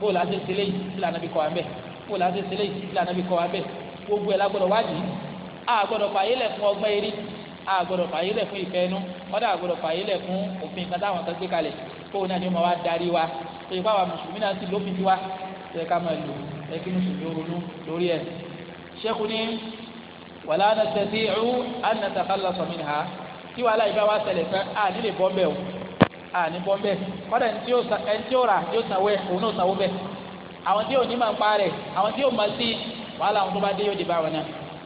bóòlù àti ìṣẹ̀lẹ̀ yìí ìlànà nàbí kọ́ wa bẹ́ẹ̀ bóòlù àti ìṣẹ̀lẹ̀ yìí ìlànà nàbí kọ́ wa bẹ́ẹ̀ gbogbo ẹ̀ la gbọ́dọ̀ wádìí a gbọ́dọ̀ fààyè lẹ̀ fún ọgbọ́n eré àgbọ̀dọ̀ fàyè lẹ̀ fún ìfẹ́ inú kọ́dà àgbọ̀dọ̀ fàyè lẹ̀ fún òfin kan táwọn kan gbé kalẹ̀ kó náà ni ó máa wá darí wa tó yẹ kó àwọn mùsùlùmí náà sì lófin tiwa ṣe ká máa lò ẹ kí mùsùlùmí ó ronú lórí ẹ̀. ṣẹ́kù ni wàlá anasẹ̀tì ẹ̀rú anasàkálà sọ̀mìn ha tí wàhálà ìfẹ́ wa ṣẹlẹ̀ fẹ́ àní lè bọ́m̀bẹ̀ o àní bọ́m̀bẹ̀ kọ́dà ẹni tí ó rà yóò sanwó ẹ̀ òun náà sanwó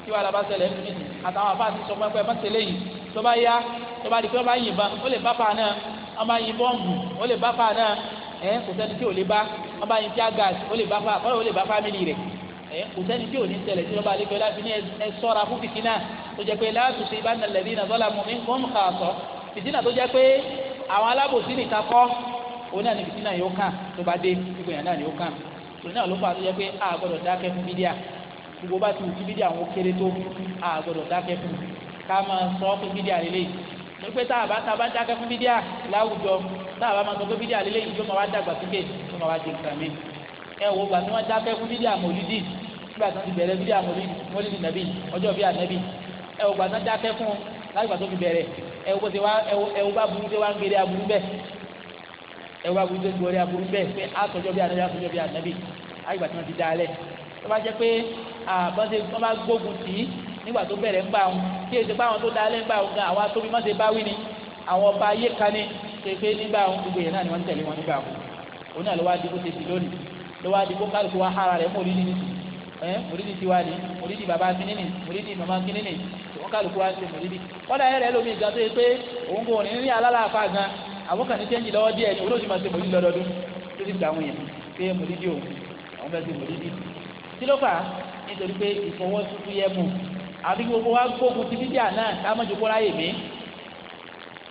kí wàhálà bá ṣẹlẹ̀ ń bìnnì àtàwọn àbá àti sọpọ́ ẹgbẹ́ mọ́tẹ́ lẹ́yìn tó bá yá tó bá di pé wọ́n bá yìnbọn ó lè bá fa náà wọ́n bá yin bọ́ǹbù ó lè bá fa náà ẹ̀ kò sẹ́ni tí ò lè bá wọ́n bá yin tíágàs ó lè bá fa kọ́lọ́ ó lè bá fámìlì rẹ̀ ẹ̀ kò sẹ́ni tí ò ní ṣẹlẹ̀ tí wọ́n bá lè láti ní ẹ sọ́ra fún fìtínà tó tó jẹ́ pé àwọn ni fìtínà yóò kàn tó bá dé gbogbo yẹn náà ni ó kàn òun náà ló gbogbo bá ti wù kí bídíà wọn kéré tó a gbọdọ̀ dákẹ́ fún ká máa sọ pé bídíà lélẹ̀ yìí pé tá a bá tá a bá dákẹ́ fún bídíà láwùjọ tá a bá máa sọ pé bídíà lélẹ̀ yìí yóò máa wá dàgbà sókè yóò máa wá di nǹkan mi ẹ wo gbà tí wọ́n dákẹ́ fún bídíà mòlídì nígbà tí wọ́n ti bẹ̀rẹ̀ bídíà mòlídì nàbí ọjọ́ bíi ànábì ẹ wo gbà tí wọ́n dákẹ́ fún láti gbà tó fi bẹ̀rẹ̀ ẹ wo bó ẹ wo bá burú dé wá ń gèrè aburú bẹ́ẹ̀ ẹ wo bá burú dé gbòòrè aburú bẹ́ẹ̀ pé àtọ́jọ́ bíi ànábì àtọ́jọ́ bíi ànábì àyè gbà tí wọ́n ti dá tó bá jẹ́ pé àbọ̀nsẹ̀ wọn bá gbógun tì í nígbà tó bẹ̀rẹ̀ ń gbà wọn kí èsì báwọn tó dá lé ń gbà wọn gan àwọn atóbi mọ́sẹ̀ bá ni àwọn ọba ayé kan ní pépé nígbà wọn gbogbo yẹn náà ni wọ́n tẹ̀lé wọn nígbà wọn òun náà ló wá di bó ṣe sì lónìí ló wá di bó kálukú wá hara rẹ̀ mórí ní nìyí ẹ mórí ni tiwa ni mórí ní baba kínní ni mórí ní mama kínní ni wọn kálukú wá ṣe mórí ní. kọ́dà ẹ̀rẹ́ lómi ìgbà tó yẹ pé òun kò ní rí alálàáfà gan àwọn kan ní tẹ́ǹjì lọ́wọ́ díẹ̀ ni olóòtú máa ṣe mórí lọ́dọọdún tó ti gbà wọn yẹn pé mórí ní òun àwọn fẹ́ kí ló fà á nítorí pé ìfọwọ́sùkú yẹ mú àbí gbogbo wa gbógun ti bíbí àná ká má jókòó ráyè mí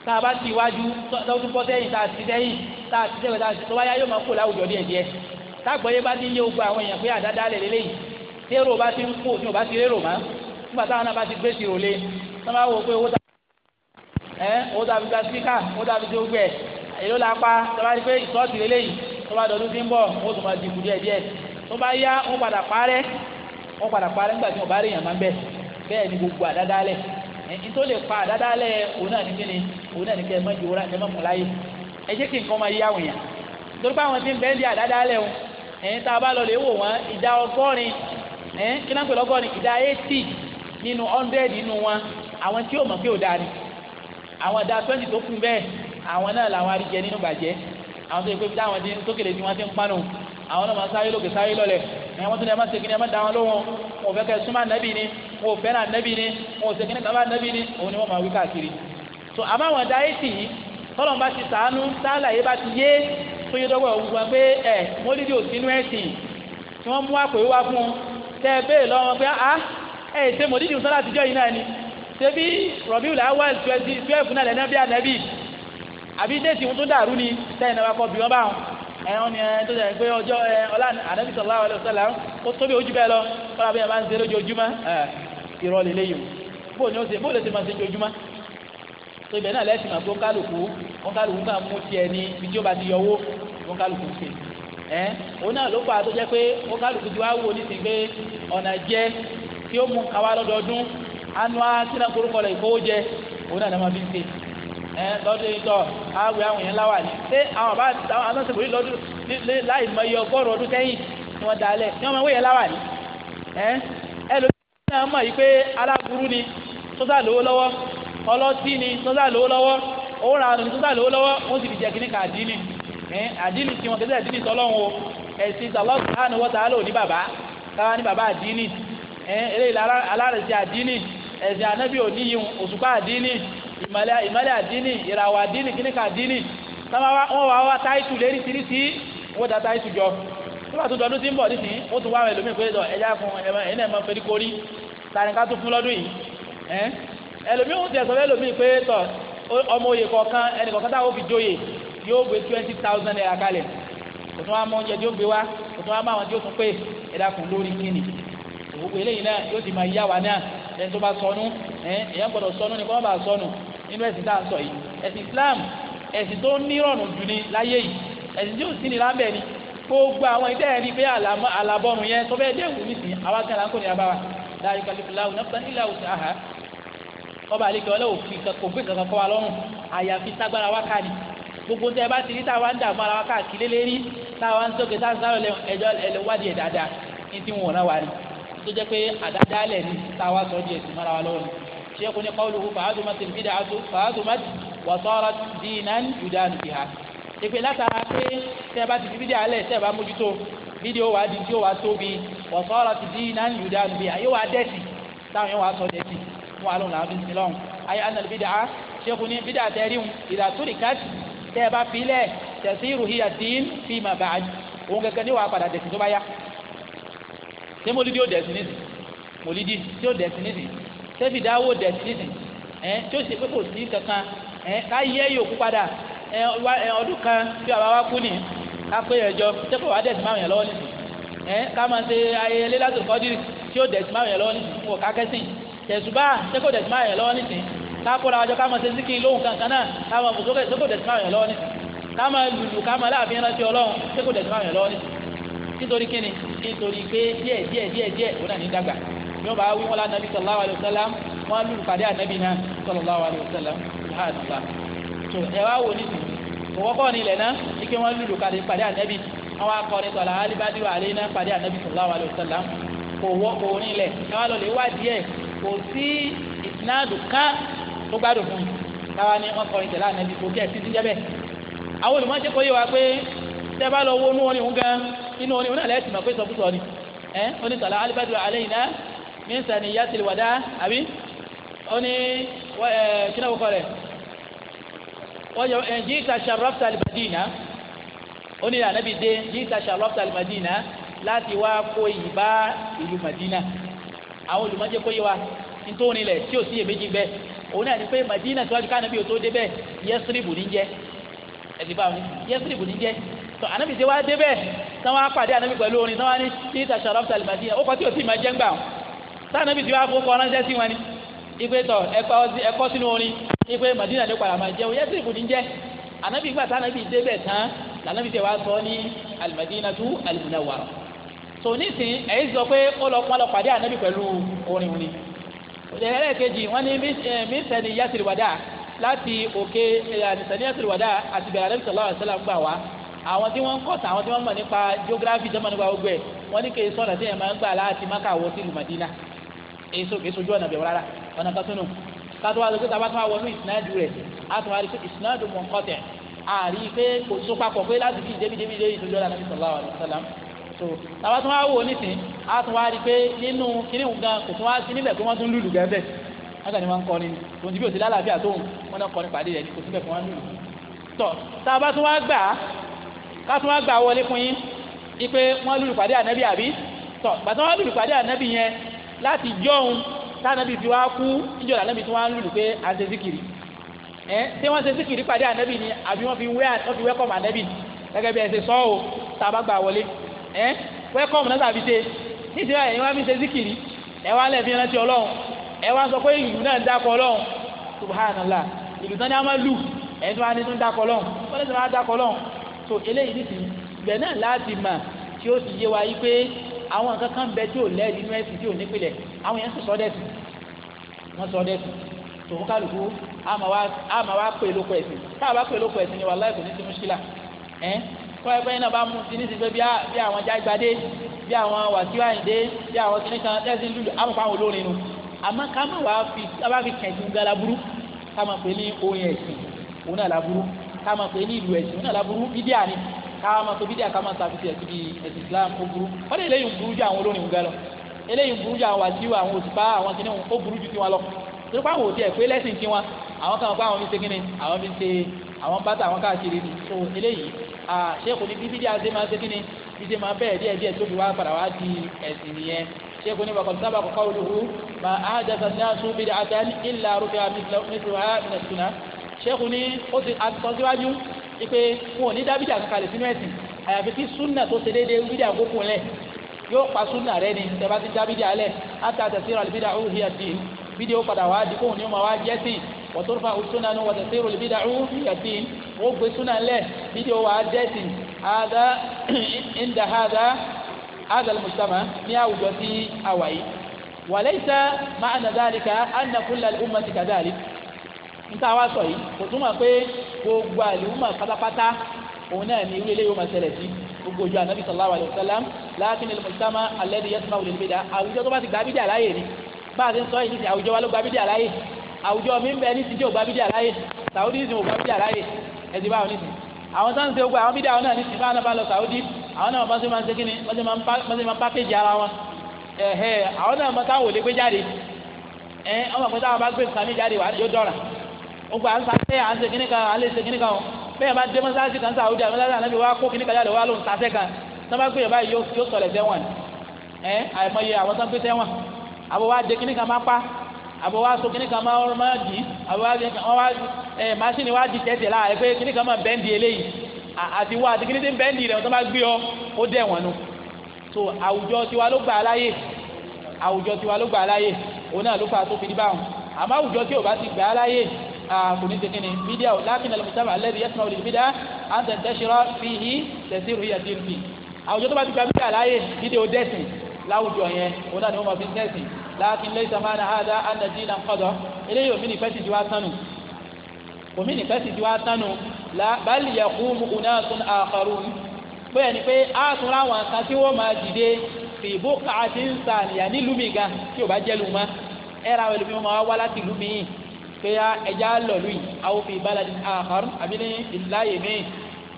tá a bá ti iwájú lọ́dún bọ́ sẹ́yìn tá a ti sẹ́yìn tá a ti sẹ́yìn tá a ti tó wáyá yóò máa kó láwùjọ díẹ̀ díẹ̀ tágbọ́yé bá ti ń yé gbogbo àwọn èèyàn pé àdáda lè lélẹ́yìn térò bá ti ń kó tí o bá ti rérò mọ́ nígbà táwọn náà bá ti gbé tìrò lé wọ́n máa wò pé owó tá ẹ owó tá a fi gba síkà owó tá a fi ti gbẹ èló la pa tó bá rí pé ìtọ́sí lélẹ́yìn tó bá dọ̀dún ti ń bọ̀ owó tó máa dìbò díẹ̀ díẹ̀ tó bá yá wọ́n padà parẹ́ wọ́n padà parẹ́ nígbà tí wọ́n bá rí èèyàn máa ń bẹ̀ bẹ́ẹ̀ ni gbogbo àdádálẹ̀ ẹ̀yìn tó lè pa àdádálẹ̀ òun náà ní kíni òun náà ní kẹ́ ẹ má jòwó ẹ má mú láyé ẹ jẹ́ kí nǹkan máa yá wọ̀nyà torí pé àwọn tí ń bẹ́ẹ̀ di àdádálẹ̀ o ẹ̀yìn tá a bá lọ lè wò wọ́n ìdá ọgọ́rin ẹ̀yìn kí náà pè lọ́gọ́rin ìdá eighty nínú hundred nínú wọn àwọn tí yóò mọ̀ pé ò dáa ni àwọn da twenty tó kún bẹ́ẹ̀ àwọn náà làwọn arijẹ nínú bàjẹ́ àwọn tó yẹ pé bí táwọn dín tó kéré tí wọ́n ti ń pánù àwọn náà máa sáré lókè sáré lọ́lẹ̀ ẹ̀ wọ́n tún ní ẹ má ṣe kíni ẹ má da wọn lóhùn wọn ò fẹ́ kẹ́ súnmọ́ ni wọn ò fẹ́ràn ànábì ni wọn ò ṣe kíni kàmá ànábì ni òun ni wọ́n máa wí káàkiri. tó àmọ́ àwọn ẹ̀dá ayé tì yìí bá ti sàánú sáàlà yìí bá ti yé tó yé dọ́gba òwú wa pé ẹ̀ mólídìí ò sínú ẹ̀sìn tí wọ́n mú àpò wá fún un tẹ́ ẹ bẹ́ẹ̀ lọ́wọ́ pé a ẹ̀ ṣe mòdìdì sọ́lá àtijọ́ yìí náà ni ṣé bí rọ̀bíù làwọn twelve náà lẹ́nà bí ànábì àbí déètì wọn tó dàrú ni tẹ́ ẹ wọn ni ẹ tó dẹ̀ pé ọjọ́ ẹ ọlá ànábì sallallahu alaihi wasallam ó tóbi ojú bẹ́ẹ̀ lọ kọ́lá bí ẹ bá ń ṣe lójoojúmọ́ ẹ irọ́ lélẹ́ lè ṣe máa ṣe lójoojúmọ́ tó ibẹ̀ náà lẹ́sìn máa yọ kálukú ṣe òun náà ló pa jẹ́ pé kálukú ti wá wò ní ti pé ọ̀nà jẹ́ ó mú lọ́dọọdún ẹ lọ́dún ìtọ́ àwẹ̀ àwọn yẹn láwà ní. ṣé àwọn bá àwọn anọ́sẹ̀kùn yìí lọ́dún láì mọ iye ọgọ́rùn ọdún sẹ́yìn ni wọ́n dalẹ̀ ní ọmọ wẹ̀yẹ láwà ní. ẹ yìí pé aláburú ni sọ́sà lówó lọ́wọ́ ọlọ́tí ni sọ́sà lówó lọ́wọ́ ni sọ́sà lówó lọ́wọ́ wọ́n sì fi jẹ́ àdínì àdínì wọ́n ìmọ̀lẹ̀ ìmọ̀lẹ̀ àdínì ìràwọ̀ àdínì kíníkà àdínì wọ́n wá wá táìtù lérí wọ́n da táìtù jọ nígbà tó dọdún tí ń bọ̀ nísìnyí ó tún wá fún ká fún lọ́dún yìí ń ọmọ kọ̀ọ̀kan ẹnì kọ̀ọ̀kan táwọn jóye yóò gbé twenty thousand naira kalẹ̀ kò tún wá mọ oúnjẹ tí ó gbé wá kò tún wá gbogbo eléyìí náà yóò ti máa yá wa náà ẹni tó bá sọnù èèyàn gbọ́dọ̀ sọnù ni kó má bàa sọnù nínú ẹ̀sìn tá à ń sọ yìí ẹ̀sìn Islam ẹ̀sìn tó nírọ̀rùn jù ni láyé yìí ẹ̀sìn tí ó sì ní lábẹ́ ni gbogbo àwọn ìdá ẹ̀rí pé àlàbọ̀rùn yẹn tó bẹ́ẹ̀ déwù mí sìn àwa kan láńkò ní abáwa láàyè kàlífìláwù náà níláwù sí àhá ọba àlekẹ́ ọlọ́wọ́ fi kò gbé kankan kọ́ wa lọ́rùn àyàfi tágbára wa ká ni gbogbo tẹ bá ti rí táwa ń dààmú ara wa káàkiri lérí táwa ń sókè táwa ń sáré ẹjọ́ ẹlẹ́wádìí ẹ̀ dáadáa ní tí wọn ò tó jẹ́ pé àdádálẹ̀ ní táwa sọ díẹ̀ sí mara wa lọ́wọ́ ni ṣéèkù ní qawluhu fa'adumatil bid'atu fa'adumat wa sarat dinan yudanu biha ìpè látara pé tẹ́ bá ti fi bídíà lẹ̀ tẹ́ bá mójútó bídíò wà di tí ó wà tóbi wa sarat dinan yudanu biha yóò wà dẹ́sì táwọn yóò wà sọ dẹ́sì fún wa lóhùn láàbí sí lọ́hùn ayé anal ṣé mólídì ó dẹ̀sí nísìn mólídì tí ó dẹ̀sí nísìn ṣebí dáwó dẹ̀sí nísìn ẹ̀ tí ó ṣe pé kò sí kankan ẹ̀ ká yẹ yòókù padà ẹ̀ ọdún kan tí bàbá wa kú nì ká pé ẹ̀jọ ṣé kò wá dẹ̀sí máa yàn lọ́wọ́ nísìn ẹ̀ ká máa ṣe ayẹyẹ lélátò kọ́dí tí ó dẹ̀sí máa yàn lọ́wọ́ nísìn wọ̀ kákẹ́sìn tẹ̀sùbá ṣé kò dẹ̀sí máa yàn lọ́wọ́ nísìn ká kóra wájọ ká máa ṣe síkì lóhùn kankan náà ká máa fò sókè ṣé kò dẹ̀sí máa yàn lọ́wọ́ nísìn ká máa lùlù ká máa láàfin rántí ọlọ́run ṣé kò dẹ̀sí máa yàn lọ́wọ́ nísìn nítorí kíni nítorí pé díẹ̀ díẹ̀ díẹ̀ díẹ̀ òun náà ní dàgbà ní wọn bá wí wọn lánàbí sallallahu alayhi wa sallam wọn lù pàdé ànábì náà sallallahu alayhi wa sallam subhanallah tó ẹ wá wò ní sùn òwò kọ́ ni náà ike wọn lù pàdé ànábì àwọn akọni sọlá alibadi wà lẹ́yìn náà pàdé ànábì sallallahu alayhi wa sallam kò wọ kò lọ lè wá díẹ̀ kò sí ìsinádù ká tó gbádùn fún mi káwa ni wọn kọrin tẹ́ bá lọ wo inú wọn ni òun gan inú wọn ni òun náà lẹ́sìn máa pé sọ́kúsọ ni ẹ́ ó ní sàlá alibadu aleyna min saniyatil wada àbí ó ní kí náà wọ́kọ̀ rẹ̀ wọ́n jí ka sharafta almadina ó ní ànábì dé jí ka sharafta almadina láti wá kó yìí bá ìlú madina àwọn olùmọ̀jẹ́ kó yé wa nítorí lẹ̀ tí ò sí èméjì bẹ́ẹ̀ òun náà ni pé madina tó wájú ká ànábì tó anabi ti wá débẹ̀ tán wá pàdé anabi pẹ̀lú orin tán wá ní peter sharaf salimadi ó kọ tí o ti máa jẹ́ ń gbà wọn tán anabi ti wá fún kọ ránṣẹ́ sí wọn ni ipe tọ ẹkọ sínú orin ipe madina ló padà máa jẹun yẹtí ìbùdí ń jẹ anabi gbà tán anabi débẹ̀ tán lànàbi ti wá sọ ní alimadinatu alimunawara tó nísìnyí ẹ̀yìn sọ pé ó lọ pọ́n lọ pàdé anabi pẹ̀lú orin orin òdìrẹ́lẹ̀ kejì wọ́n ní mísẹ̀ni eh, yasiriwada láti òkè ànisẹ̀ni eh, yasiriwada àti bẹ̀rẹ̀ alẹ́ sọ̀lá àṣẹlá ń gbà wá àwọn tí wọ́n ń kọ́sà àwọn tí wọ́n mọ̀ nípa geography tó mọ̀ nípa gbogbo ẹ̀ wọ́n ní kí èso ọ̀nà tí yẹn máa ń gbà láti Mákà wọ sí Madina èso kì í sojú ọ̀nà bẹ̀rẹ̀ rárá ọ̀nà kan tó nù kátó wá lókè tábà tó wá wọnú ìsinádù rẹ̀ àtúnwá rí pé ìsinádù mọ̀ nkọ́tẹ̀ àrí pé kò so papọ̀ pé láti fi débi débi débi sojú ọ̀nà nàbí sallallahu alaihi wasallam so tábà tó wá wò nísìn àtúnwá rí pé nínú kíní gan kò tó wọ́n tún wọn kàn ní tòun ti bí òsì lálàáfíà tóun wọn náà kọrin pàdé rẹ̀ kò síbẹ̀ fún wọn lùlù tọ́ tábà tó wá gbà kátó wá gbà wọlé fún yín ipe wọ́n lùlù pàdé ànábì àbí tọ̀ gbàtọ́ wọ́n lùlù pàdé ànábì yẹn láti jọ́hun tánàbì fi wá kú níjọ́ ànábì tí wọ́n lùlù pé à ń ṣe síkìrì ẹ ṣé wọ́n ṣe síkìrì pàdé ànábì ni àbí wọ́n fi wẹ́ wọ́n fi wẹ́kọ̀mù ànábì gẹ́gẹ́ bí ẹ ṣe sọ o tá a bá gbà wọlé ẹ wẹ́kọ̀mù náà tàbí ṣe níṣẹ́ ẹ̀yin wọ́n fi ṣe síkìrì ẹ wá lẹ́ẹ̀fi rántí ọlọ́run ẹ wá sọ pé ìlú náà ń dákọ̀ ọlọ́run subhanallah ìlú tán ni a máa lù ẹ̀yin tó wá ní tó ń dákọ̀ ọlọ́run wọ́n lè sọ so eléyìí nìsí ibẹ̀ náà láti mà tí ó sì yé wa yí pé àwọn nǹkan kan bẹ tí ò lẹ́ẹ̀dì inú ẹ̀sìn tí ò nípìnlẹ̀ àwọn yẹn sì sọ dẹ́sìn wọ́n sọ dẹ́sìn tòun kálukú àmà wa pè lóko ẹ̀sìn tá a bá pè lóko ẹ̀sìn ni wàláhì kò ní sí mùṣkílà ẹ̀ kọ́ ẹgbẹ́ náà bá mú sí ní sísẹ́ bí àwọn jágbádé bí àwọn wàsíù àyìndé bí àwọn kìnnìkan tẹ́sìn lùlù àmọ̀ fáwọn olórin nu àmọ́ ká má wàá fi kẹ̀sìn gbá laburu ká má pè ní orin ẹ̀sìn òun náà laburu ká máa pè ní ìlú ẹ̀sìn náà láburú bídíà ni ká máa pè bídíà ká máa sàfihàn ẹ̀sìn bíi ẹ̀sìn Islam ó burú wọ́n lè eléyìí burú ju àwọn olórin ògá lọ eléyìí burú ju àwọn wàsíù àwọn òṣùpá àwọn kìnìún ó burú ju tiwọn lọ torí pé àwọn òtí ẹ̀ pé lẹ́sìn tiwọn àwọn kan pa àwọn fi ṣe kíni àwọn fi ṣe àwọn bàtà àwọn káàkiri ni so eléyìí ṣéèkù ní bíbí díà ṣe máa ṣe kíni bí ṣe máa bẹ́ẹ̀ díẹ̀ díẹ̀ tóbi wá padà wá di ẹ̀sìn nìyẹn ṣéèkù ní bàkọ̀ sábà kọ́kọ́ olùhù mà áhàjà sàn náà sún bídà àtàn ìlà rúbíà mìtìlá mìtìlá sẹ́kù ní ó ti àtọ́síwájú pé wọn ò ní dá bídà kankalẹ̀ sínú ẹ̀sìn àyàfi kí súnà tó ṣe déédéé bídà kókó lẹ̀ yóò pa súnà rẹ ni tẹ́ bá ti dá bídà lẹ̀ áta tẹ̀sí ra bídà ó hìyà dì bídà ó padà wá di kóhùn ní ó máa wá jẹ́ sí wọ́tọ́rọ́fà súnà ní wọ́n tẹ̀sí ra bídà ó hìyà dì ó gbé súnà lẹ̀ bídà ó wá jẹ́ sí ada inda ada ada mùsàmà ní àwùjọ sí àwàyí wàlẹ́sà níta wá sọ yìí kò túmọ̀ pé gbogbo àlùmọ̀ pátápátá òun náà ni ilé yóò máa ṣẹlẹ̀ sí gbogbo ojú anabi sallallahu alayhi wa sallam láti ní mùsàmá alẹ́dí yẹtùmá òde níbi dá àwùjọ tó ti gba bídí àláyè ni bá a ti ń sọ yìí ní àwùjọ wa ló gba bídí àláyè àwùjọ mi ń bẹ ní sídìí ò gba bídí àláyè sàwùdí ni ò gba bídí àláyè ẹ̀sìn báwọn ní sìn àwọn sáà ń ṣe gbogbo àwọn bídí àwọn náà ní sìn báwọn lọ sàwùdí àwọn náà mọ̀sí máa ń ṣe ni mọ̀sí máa ń pákéjì ara wọn ẹ̀hẹ́ àwọn náà mọ̀ táwọn ò gbé jáde ẹ̀ ọmọ pẹ̀lú ó gba àǹsà tẹ à kan à ń lè kan o bẹ́ẹ̀ bá dé mọ́sálásí kan sáà ọjà mọ́sálásí àná bí wàá kó kan jáde wàá ló ń tasẹ́ kan tó bá gbé yẹn báyìí yóò sọ̀rọ̀ sẹ́wọ̀n ẹ àìmọye àwọn tó ń gbé sẹ́wọ̀n àbò wá dé kan má pa àbò wá so kíní kan má dì àbò wá ẹ masini wá di tẹ̀tẹ̀ la ẹ pé kíní kan má bẹ́ndì eléyìí àti wá àti kíní tí ń bẹ́ndì rẹ̀ tó bá gbé ọ ó dẹ̀ wọ́n nu so àwùjọ tiwa ló gbà á láyè àwùjọ tiwa ló gbà á láyè òun náà ló fà á tó fi dí báwọn àmọ́ àwùjọ tí ò bá ti gbà á kò ní sekene bídíà o lákìnà lùmùsàmà alẹ́ yẹn sinmi olùdí bídíà à ń tẹ̀sẹ̀ ṣọ́rọ́ fi hí tẹ̀sí ru yẹn fi. àwùjọ tó bá ti gba bídíà láàyè bídíà o dẹ́sìn láwùjọ yẹn òun náà ni wọ́n máa fi dẹ́sìn lákìnà lẹ́yìn sàmà náà hàdá à ń tẹ̀ dín náà kọ́dọ̀ eléyìí omi nìfẹ́ ti ju asánù omi nìfẹ́ ti ju asánù báyìí yẹ kú mu kùnà sún àkàrù ni pé a tún láwọn kan tí wọ́n máa dìde fìbó kàá ti ń sàníyàn nílùú mi gan tí ò bá jẹ́ lùmọ́ ẹ̀ra àwọn ẹlòmíràn máa wá láti ìlú mi kéya ẹja lọlu yìí awo fi baladi akhar abini ilayi mi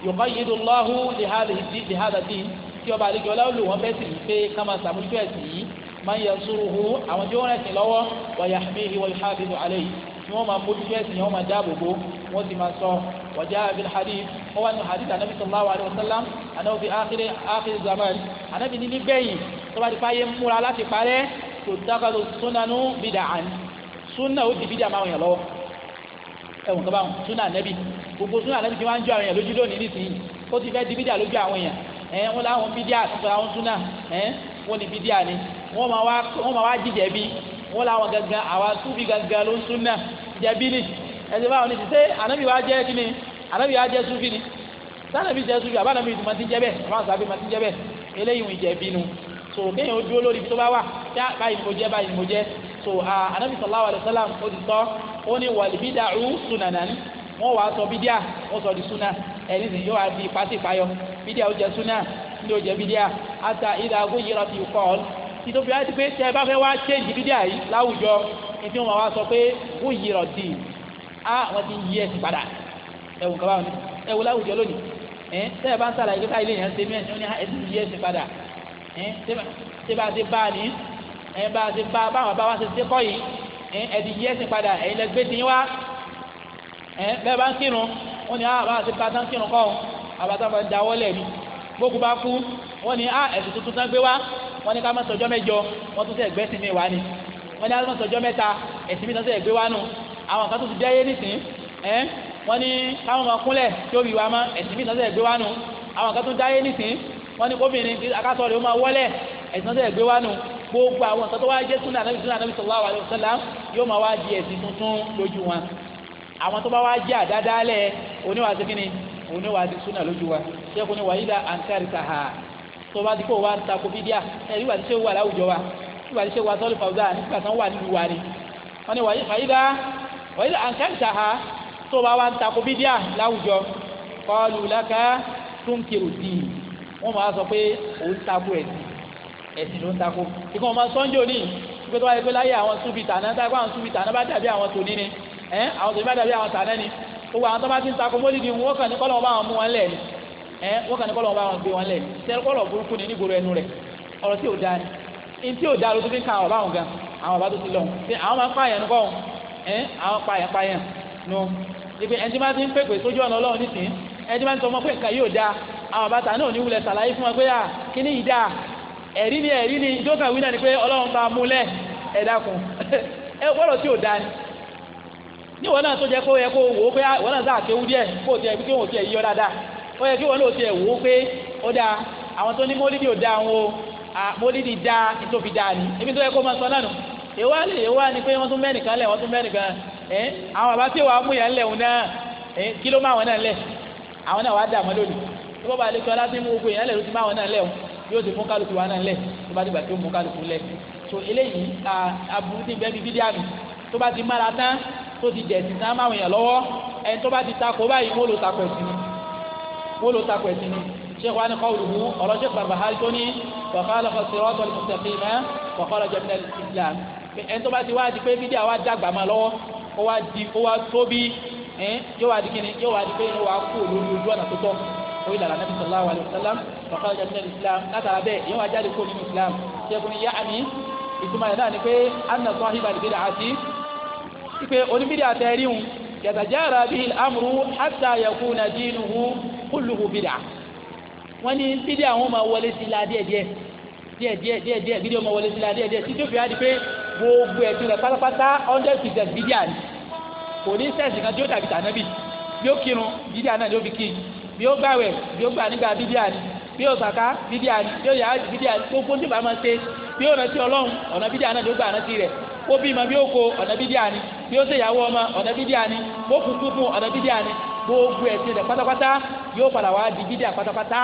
yòkó yidu lọ́hu lihada di tí ọba àdìgẹ ọlọ́wọ́ lò wọ́n bẹ́ẹ̀ sì pé kama sàmójútó ẹ̀sìn yìí máa ń yẹ suruhu àwọn tí wọ́n rẹ̀ sìn lọ́wọ́ wàyà mihi wàyà hafidu alayhi ni wọ́n máa mójútó ẹ̀sìn yẹn wọ́n máa dáàbò bò wọ́n sì máa sọ wàjá abil hadith wọ́n wà nù hadith anabi sallallahu alayhi wa sallam anabi fi akiri akiri zaman anabi níní gbẹ̀yìn tó bá ti fáyé múra láti parẹ́ tó dákàlù sunanu bid'an súnà ó di bídíà máa ń yàn lọ́wọ́ ẹ̀wọ̀n kaba súnà nẹ́bí gbogbo súnà nẹ́bí ti máa ń jó àwọn èèyàn lójú lónìí nísìnyí ó ti fẹ́ di bídíà lójú àwọn èèyàn ẹ̀ wọ́n láwọn bídíà àtúntò àwọn súnà ẹ̀ wọ́n ní bídíà ni wọ́n máa wá wọ́n máa wá jíjẹ bí wọ́n láwọn gangan àwa túbí gangan ló ń súnà jẹ̀bi ni ẹ̀sìn báwọn ní ti sẹ́ ànábì wa jẹ́ kí ni ànábì wa jẹ́ súfì ni sànàbì jẹ́ súfì àbánàbì ìtumọ̀ ti jẹ́ bẹ́ẹ̀ àbáǹsàbì ma ti jẹ́ bẹ́ẹ̀ eléyìí ìjẹ̀bi nu so kéèyàn ó dúró lórí ibi tó bá wà yá báyìí mo jẹ báyìí mo jẹ so anabi sallallahu alayhi wa sallam ó ti sọ ó ní wàlíbídàrú sunanan wọn wàá sọ bídíà wọn sọ di suna ẹni sì yóò wá di pàṣẹ ìpayọ bídíà ó jẹ suna ní ó jẹ bídíà ata ìdá agbóyèrè ti kọ ọ títí ó ti pé tẹ ẹ bá fẹ́ wá ṣéǹjì bídíà yìí láwùjọ ètí wọn wá sọ pé gbóyèrè ti a wọn ti yí ẹsìn padà ẹwù kaba wọn ẹwù láwùjọ lónìí ẹ tẹ ẹ bá ń sàlàyé pé káyìlẹ yẹn ń ṣe mí ẹsìn yí ẹsìn padà ṣé bá a ṣe bá a ní ẹ bá a ṣe bá a báwọn bá wa ṣe ṣe kọ́ yìí ẹ ti yí ẹsìn padà ẹ̀yin lẹ gbé tiyín wá ẹ bẹ́ẹ̀ bá ń kírun wọ́n ní àbá ah, àti bá tán kírun kọ́ àbátá máa ń dáwọ́ lẹ̀ ni gbókù bá kú wọ́n ní ah, ẹ̀sìn tuntun tán gbé wá wọ́n ní ká má sọjọ́ mẹ́jọ wọ́n tún sẹ̀ gbẹ́sìn mi wá ni wọ́n ní ká má sọjọ́ mẹ́ta ẹ̀sìn mi tán sẹ̀ gbé wá nù àwọn kan tó ti dẹ́yé nísìn ẹ́ wọ́n ní káwọn máa kúnlẹ̀ tó wì wá mọ́ ẹ̀sìn mi tán sẹ̀ gbé wá nù àwọn kan tó dáyé nísìn wọ́n ní kóbìnrin tí akásọ̀ rẹ̀ ó máa wọlé ẹ̀sìn tó yẹ gbé wá nù gbogbo àwọn nǹkan tó wá jẹ́ súnà anábì súnà anábì sallallahu alaihi wasallam yóò máa wá di ẹ̀sìn tuntun lójú wọn àwọn tó bá wá jẹ́ àdádálẹ̀ oníwàásí kínní oníwàásí súnà lójú wa ṣẹ́kùn ní wàyídà àǹkárìtà ha tó bá ti kó wa takò fídíà ẹ̀rí wà ti ṣe wà láwùjọ wa nígbà tí ṣe wà sọ́ọ́lù fàwùdà nígbà tán wà nílùú wa ni wọ́n ní wàyídà wàyídà àǹkárìtà ha tó bá wa takò fídíà láwùjọ kọlù lákà túnkìrù dìín wọ́n máa sọ pé òun takò ẹ̀sìn ẹ̀sìn ló ń takò ìkọ́ ọmọ sọ́njọ́ ní pé tó wáyé pé láyé àwọn súnbì tàná táyé pé àwọn súnbì tàná bá dàbí àwọn tòní ni ẹ̀ àwọn tòní bá dàbí àwọn tàná ni gbogbo àwọn tó bá ti ń takò mólídìí wọn kàn ní kọ́lọ́ wọn bá wọn mú wọn lẹ̀ ni ẹ̀ wọ́n kàn ní kọ́lọ́ wọn bá wọn gbé wọn lẹ̀ ni tẹ́lẹ̀kọ́lọ̀ burúkú ni nígboro ẹnu rẹ̀ ọ̀rọ̀ tí ò dáa ni ntí ò dáa ló tó fi ń ka àwọn báwọn gan àwọn bá tó ti lọ́hùn ṣe àwọn máa ń pààyàn nù kọ́hùn ẹ̀ àwọn pààyàn pààyàn nù ìpè ẹni tí máa ti ń pèpè sójú ọ̀nà ọlọ́run nísìnyí ẹni tí máa ń tọ́ ọmọ pé nǹkan yóò dáa àwọn bàtà náà ní wulẹ̀ sàlàyé fún wa pé à kíní ìdá ẹ̀rí ni ẹ̀rí ni ìjókòó wí náà ni pé ọlọ́run bá mú lẹ̀ ẹ wọ́rọ̀ tí ò da ni ní wọn náà tó jẹ́ kó yẹ kó wò ó pé wọn náà sáà kéwú díẹ̀ kó tiẹ̀ kí wọn ò tiẹ̀ yí ọ dáadáa ó yẹ kí wọn náà tiẹ̀ wò ó pé ó dáa àwọn tó ní mólídìí ò dáa wọn o mólídìí dáa ìtòfi dáa ni ebi tó yẹ kó máa sọ náà èwa lè èwa ni pé wọ́n tún mẹ́rin kan lẹ̀ wọ́n tún mẹ́rin kan ẹ̀ àwọn bàbá tí wàá mú yẹn lẹ̀ wọn náà kí ló má wọn náà lẹ̀ àwọn náà wàá dà mọ́ lónìí ìwọ́n bá àlejò aláṣẹ mú gbogbo èèyàn lẹ̀ ló ti máa wọn náà lẹ̀ o yóò ti fún kálukú wa náà lẹ̀ tó bá ti gbà tó mú kálukú lẹ̀ so eléyìí aburú ti bẹ́ẹ̀ bí bídíà mi tó bá ti mára tán tó ti dẹ̀sìn tán máa wọ̀nyàn lọ́wọ́ ẹni tó bá ti takò báyìí wọ́n ló takò ẹ̀sìn ni wọ́n ló takò ẹ̀sìn ni sheikh wani qawluhu ọ̀rọ̀ sheikh barbahari tó ní wàhálà fasirọ́tò mùsàfihàn wàhálà jẹ́mínà islam ẹni tó bá ti wá di pé bídíà wá dàgbà máa lọ́wọ́ ó wá di ó wá tóbi yóò wá di pé yóò wá kú lórí ojú ọ̀nà tó tọ́ orí ìlànà nàbí sallallahu alayhi wa sallam ọ̀kadà jẹ́ nínú islam látara bẹ́ẹ̀ ìyẹn wàá jáde kó nínú islam ṣẹ́gun yá àmì ìtumọ̀ yẹn náà ni pé anna sahiba al-bid'a àti pé oníbídà tẹ́ríhùn yàtàjára bihi al-amru hatta yakuna dinuhu kulluhu bid'a wọ́n ní bídà àwọn máa wọlé sí la díẹ̀díẹ̀ díẹ̀díẹ̀ díẹ̀díẹ̀ bídà máa wọlé sí la díẹ̀díẹ̀ títí ó fi á di pé gbogbo ẹ̀sìn rẹ̀ pátápátá hundred percent bídà ni kò ní sẹ́ẹ̀sì kan tí ó dàbí tànàbì yóò kírun bídà náà ni ó fi kí i bí ó gbàwẹ̀ bí ó gbà nígbà bídíà ni bí ó sàká bídíà ni bí ó yà ájì bídíà ni gbogbo tí bàmá ṣe bí ó rántí ọlọ́run ọ̀nà bídíà náà ni ó gbà rántí rẹ̀ ó bímọ bí ó ko ọ̀nà bídíà ni bí ó ṣèyàwó ọmọ ọ̀nà bídíà ni bó kúkú fún ọ̀nà bídíà ni gbogbo ẹ̀sìn rẹ̀ pátápátá yóò padà wá di bídíà pátápátá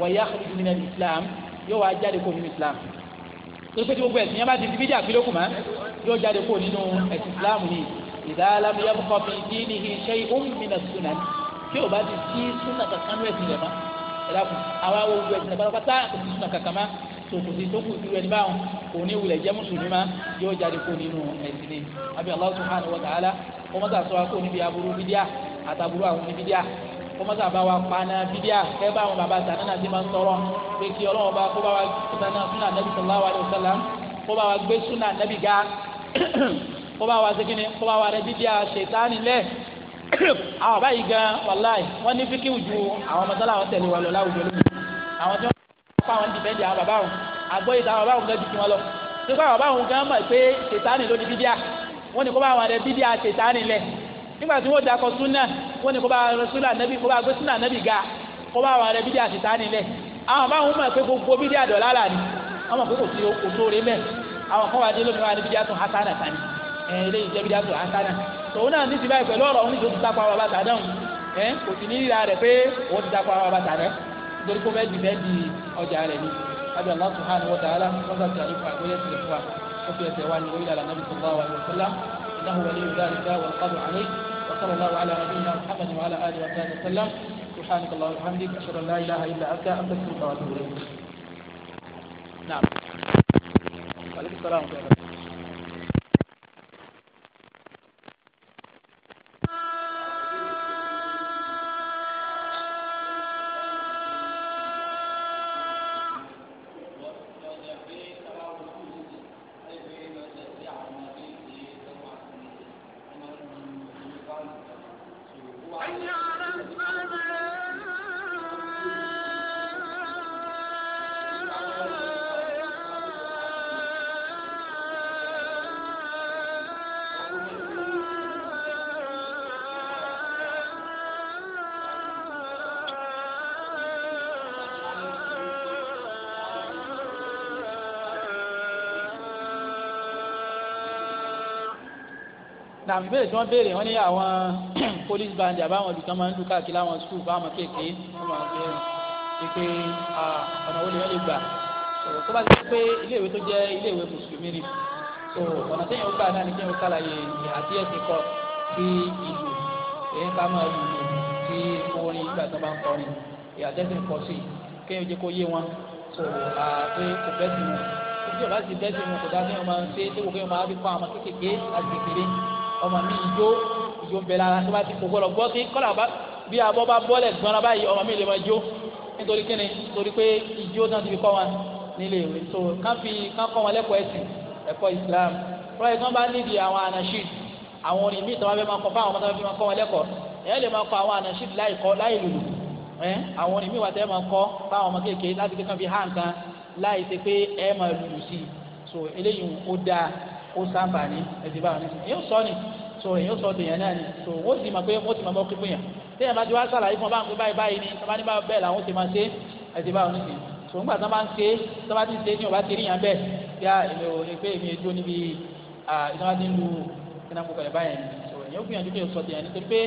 wọ̀nyá kúrúkú nínú Islam yóò wá jáde kó Islam pépé tí gbogbo ẹ̀sìn yẹn di bídíà kí ló kù mọ́ yóò jáde kó Islam ni ìdá alámúyẹ́ kọ́fí dín ní iṣẹ́ ìhùn mí tí o bá ti sí súnà kankan ní ẹ̀sìn rẹ̀ mọ́ ẹ̀dá kù àwa wo gbogbo ẹ̀sìn rẹ̀ pátá kò sí súnà kankan mọ́ tó kò sí tó kù irú ẹni báwọn kò ní wulẹ̀ jẹ́ mùsùlùmí mọ́ yóò jáde kó nínú ẹ̀sìn ni àbí Allah subhanahu wa ta'ala kó mọ́tà sọ wa kó níbi aburú bídíà àtàbúrú àwọn oníbídíà kó mọ́tà bá wa paná bídíà ẹ bá àwọn bàbá sànánà ti máa ń tọrọ pé kí ọlọ́wọ́ bá kó bá wa sànánà sallallahu alaihi wasallam kó bá wa gbé súnà nàbì ga kó bá wa segin ni kó bá wa rẹ bídíà ṣètánì lẹ́ẹ̀ àwọn báyìí gan wàláì wọ́n ní fíkì ju àwọn ọmọdé làwọn tẹ̀lé wa lọ láwùjọ lónìí àwọn tí wọ́n fún àwọn dìbẹ́ndì àwọn bàbá wọn àgbọ̀ ìta àwọn bàbá wọn gan ju tiwọn lọ nípa àwọn bàbá wọn gan mọ̀ pé sètánì ló di bídíà wọ́n ní kó bá wọn rẹ bídíà sètánì lẹ̀ nígbà tí wọ́n dakọ̀ súnà wọ́n ní kó bá rẹ súnà nẹ́bí kó bá gbé súnà nẹ́bí ga kó bá wọn rẹ bídíà sètánì lẹ̀ àwọn bàbá wọn mọ̀ pé gbogbo bídíà dọ̀lá là ní wọ́n mọ̀ pé kò sí òtó rẹ mẹ́ ẹ eléyìí jẹ́ bídà tó hasana tòun náà ní ti báyìí pẹ̀lú ọ̀rọ̀ oníṣòwò ti takò àwọn bàtà náà ẹ kò sì ní ìlà rẹ̀ pé òun ti takò àwọn bàtà rẹ̀ nítorí kó fẹ́ẹ́ dìbẹ́ ọjà rẹ̀ ni abi Allah subhanahu wa ta'ala wọn bá ti àlùkò nàbí bẹ́ẹ̀ tí wọ́n béèrè wọ́n ní àwọn police band àbáwọn olùtọ́ máa ń dún káàkiri àwọn skul fáwọn kéèké wọ́n máa ń gbé pípé ọ̀nà wo ni wọ́n lè gbà tó bá ti pé iléèwé tó jẹ́ iléèwé mùsùlùmí ni ọ̀nà téèyàn gbà náà ni kéèyàn kàlàyé àti ẹ̀sìn kọ sí ìlú èyí ká máa lù lù sí orin ìgbà tó bá ń kọrin ìyàtẹ̀sìn kọ sí kéèyàn jẹ́ kó yé wọn tó àpé kò bẹ́sìn wọn ìjọba kò dá kéèyàn máa ń ṣe é ọmọ mi ìjó ìjó ń bẹ lára tó bá ti kókó lọ gbọ́ sí kọ́lá bá bí abọ́ bá bọ́lẹ̀ gbọ́nra báyìí ọmọ mi lè máa jó nítorí kíni torí pé ìjó náà ti fi kọ́ wọn nílé ìwé so kán fi kán kọ́ wọn lẹ́kọ̀ọ́ ẹ̀sìn ẹ̀kọ́ Islam rọ́ọ̀yì kan bá nídìí àwọn anashid àwọn orin míì tó wá fẹ́ máa kọ́ fáwọn ọmọ tó wá fẹ́ máa kọ́ wọn lẹ́kọ̀ọ́ ẹ̀yẹ́ lè máa kọ́ àwọn anashid láì kọ́ láì lùlù ẹ̀ àwọn orin míì wà tẹ́ máa kọ́ fáwọn ọmọ kéèké láti kékan fi hàn kan láì ṣe pé ẹ̀ máa lùlù sí i so eléyìí ó dáa kó sáǹfà ní ẹ̀sìn báwọn ní èyí ó sọ ni so èyí ó sọ tèèyàn náà ni so wọ́n sì mọ̀ pé wọ́n sì mọ̀ bọ́ pípín yàn téèyàn bá ti wá sàlàyé fún ọ bá ń pè báyìí báyìí ni ọba ní báwọn bẹ́ẹ̀ làwọn ó ti máa ṣe ẹ̀sìn báwọn ní sìn so ńgbà tó bá ń ṣe tó bá ti ṣe ní ọba ti rí yàn bẹ́ẹ̀ bí èmi ò ní pé èmi èjó níbi ìjọba ti ń lu ìnáfọkàlẹ̀ báyìí ni so èyí ó gbìyànjú pé ó sọ tèèyàn nítorí pé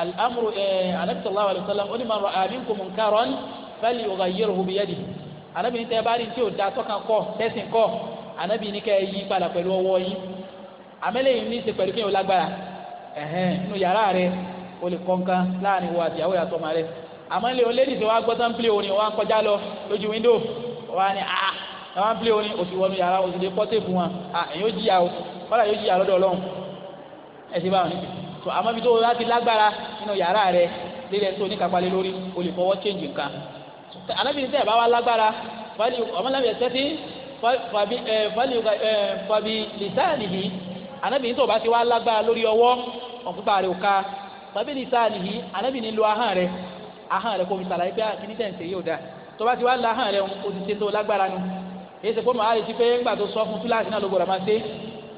الامر إيه النبي صلى anabi ní kẹ́ ẹ yí padà pẹ̀lú ọwọ́ yín àmẹ́lẹ́ yìí ní í ṣe pẹ̀lú kí n ò lágbára ẹ̀hẹ́n nínú yàrá rẹ o lè kọ́ńkan láàrin wo àtìyàwó yàtọ̀ ọmọ rẹ àmọ́ ilé olè nìṣẹ́ wa gbọ́dọ̀ ń pilẹ̀ orin wa kọjá lọ lójú windo wa ni a ah, ẹ wá ń pilẹ̀ orin oṣù wọnú yàrá oṣù lè pọ́tẹ́ẹ̀bù wọn a ah, èyàn jìyà o kọ́lá yóò jìyà lọ́dọ̀ ọlọ́run ẹ ti bá wọn níbi tó àmọ́ ibi tó o láti lágbára nínú yàrá rẹ lílẹ̀ tó oníkàpalẹ̀ lórí o lè fọwọ́ change nǹkan alábìrin tẹ̀ bá wa lágbára wọ́n ní ọmọlábìrin fabi ẹ eh, fali ẹ eh, fabi lisanihi anabi nítorí o bá ti wá lágbára lórí ọwọ́ ọ̀npípa rẹ̀ ò ka fabi lisanihi anabi nílò ahọ́n rẹ̀ ahọ́n rẹ̀ kò fi sàlàyé pé ah, kí ní tẹ̀sí yóò da tó bá ti wá la ahọ́n rẹ̀ o ti ṣe tó lágbára nu èyí ṣe fóònù àárẹ̀ ti pé ńgbà tó sọ fún kíláàsì náà ló gbọdọ̀ máa ṣe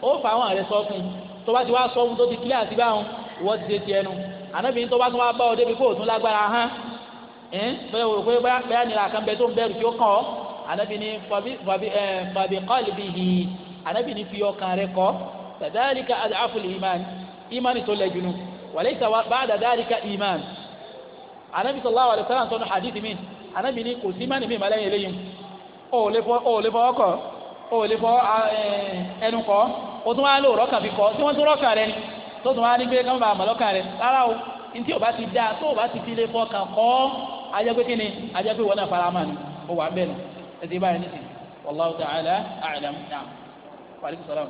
ó fa ahọ́n rẹ̀ sọ fún tó bá ti wá sọ fún tó ti kíláàsì báwọn ìwọ ti ṣe tiẹ̀ nu anabi nítorí bá tún wá bá ọ débi kó o tún lágbára ahọ́n ẹ̀ bẹ́ẹ̀ anabi ni fabi qalbihi anabi ni fi ọkàn rẹ kọ tadalika ad'aful iman imani tó lẹ́junu walaysa ba'da dalika iman anabi sallallahu alayhi wa sallam sọnù hadithi mi anabi ni kò sí imani mi malẹ́ yẹn lẹ́yìn o lè fọwọ́ kọ o lè fọ ẹnu kọ o tún wá lò rọ́kàn fi kọ tí wọ́n tún rọ́kàn rẹ tó tún wá ní gbé kánfà àmàlọ́kàn rẹ rárá o ntí o bá ti da tó o bá ti fi lè fọkàn kọ́ ajẹ́pẹ́ kí ni ajẹ́pẹ́ wọn náà fara mọ́ ni o wà ń bẹ̀ ẹtì báyìí nìyí wallahu ta'ala a'lam náà wàlíkù sọlám.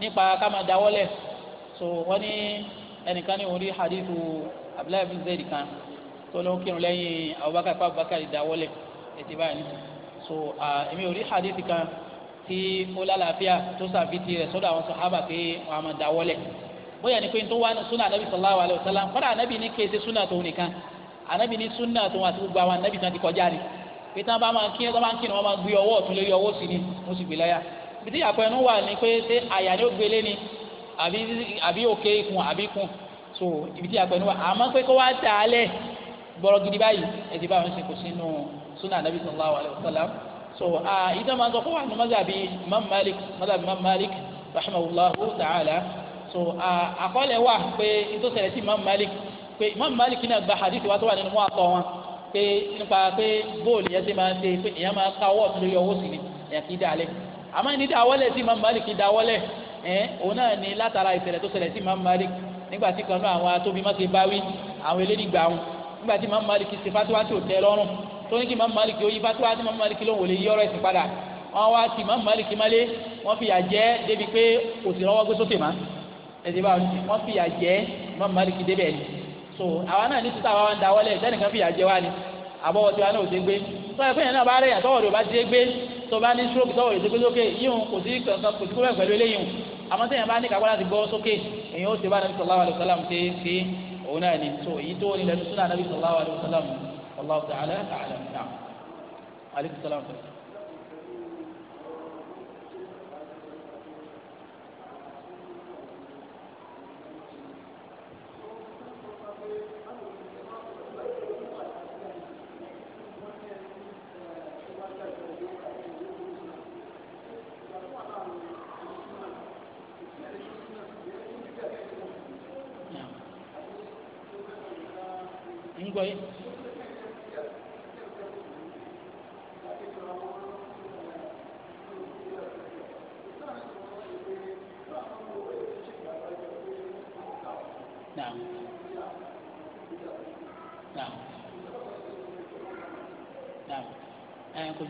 nípa ká máa dáwọ́lẹ̀ so wọ́n ní ẹnìkan ní òun rí hadithu abdullahi bin zayd kan tó ló ń kírun lẹ́yìn abubakar ipa abubakar ìdáwọ́lẹ̀ ètí báyìí so èmi ò rí hadith kan tí ó lálàáfíà tó sàfitì rẹ̀ sọ́dọ̀ àwọn sàhábà pé wọ́n á máa dáwọ́lẹ̀ bóyá ni pé tó wá sunna anabi sallallahu alayhi wa sallam kọ́dà anabi ní kéde sunna tó nìkan anabi ní sunna tó wọn àti gbogbo àwọn anabi kan ti kọjá ni pé tí wọ́n bá máa kí wọ́n máa kí ni wọ́n máa gbé ọwọ́ ọ̀tún lórí ọwọ́ sí ni mo sì gbé láyà ibi tí àpẹẹrẹ wà ní pé ṣé àyà ni ó gbélé ni àbí àbí òkè ikùn àbí ikùn so ibi tí a pẹ̀lú wa àmọ́ pé kó wá dà á lẹ̀ gbọ́rọ̀ gidi báyìí ẹ ti bá wọn ṣe kò sínú sunnah anabi sallallahu alayhi wa sallam so ìdá máa ń sọ kó wà ní mọ́sàbí mamalik malik mọ́sàbí imam malik ta'ala so àkọọ́lẹ̀ wà pé ètò ṣẹlẹ̀ sí imam malik pé imam malik náà gba hadith wa tó wà nínú wọn àtọ̀ wọn pé nípa pé bóòlù yẹn ti máa ń ṣe pé èèyàn máa ká ọwọ́ ọ̀tún lórí ọwọ́ sí ni èèyàn kì í dá alẹ́ àmọ́ ní dáwọ́lẹ̀ sí imam malik dáwọ́lẹ̀ ẹ òun náà ni látara ìṣẹ̀lẹ̀ tó ṣẹlẹ̀ sí Imam Malik nígbà tí kan náà àwọn atóbi má ṣe báwí àwọn elédìgbà wọn nígbà tí Imam Malik ṣe fatuwa tí ò tẹ́ lọ́rùn tó ní kí Imam Malik ó yí fatuwa tí Imam Malik ló wò lè yí ọ̀rọ̀ ẹ̀sìn padà wọn wá ti Imam Malik mọ́lé wọn fìyà jẹ débi pé kò sí lọ́wọ́ gbé sókè má ẹ̀sìn bá wọn fìyà jẹ Imam Malik débẹ̀ ni so àwa náà ní títà wa ń dawọ́lẹ̀ ìtẹ́nìkan fìyà jẹ wá ni àbọ̀wọ̀ tí wa náà ò ṣe gbé tó ẹ fẹ́yìn náà bá rẹ̀ àtọ́wọ̀ rẹ̀ ò bá ṣe gbé tó bá ní stroke àmọ́ sẹ́yìn bá ní kápá láti gbọ́ sókè èyàn ó ṣe bá anabi sallallahu alayhi wa sallam ṣe ṣe òun náà ni so èyí tó nílẹ̀ tó sún anabi sallallahu alayhi wa sallam wallahu ta'ala a'lam náà alayhi wa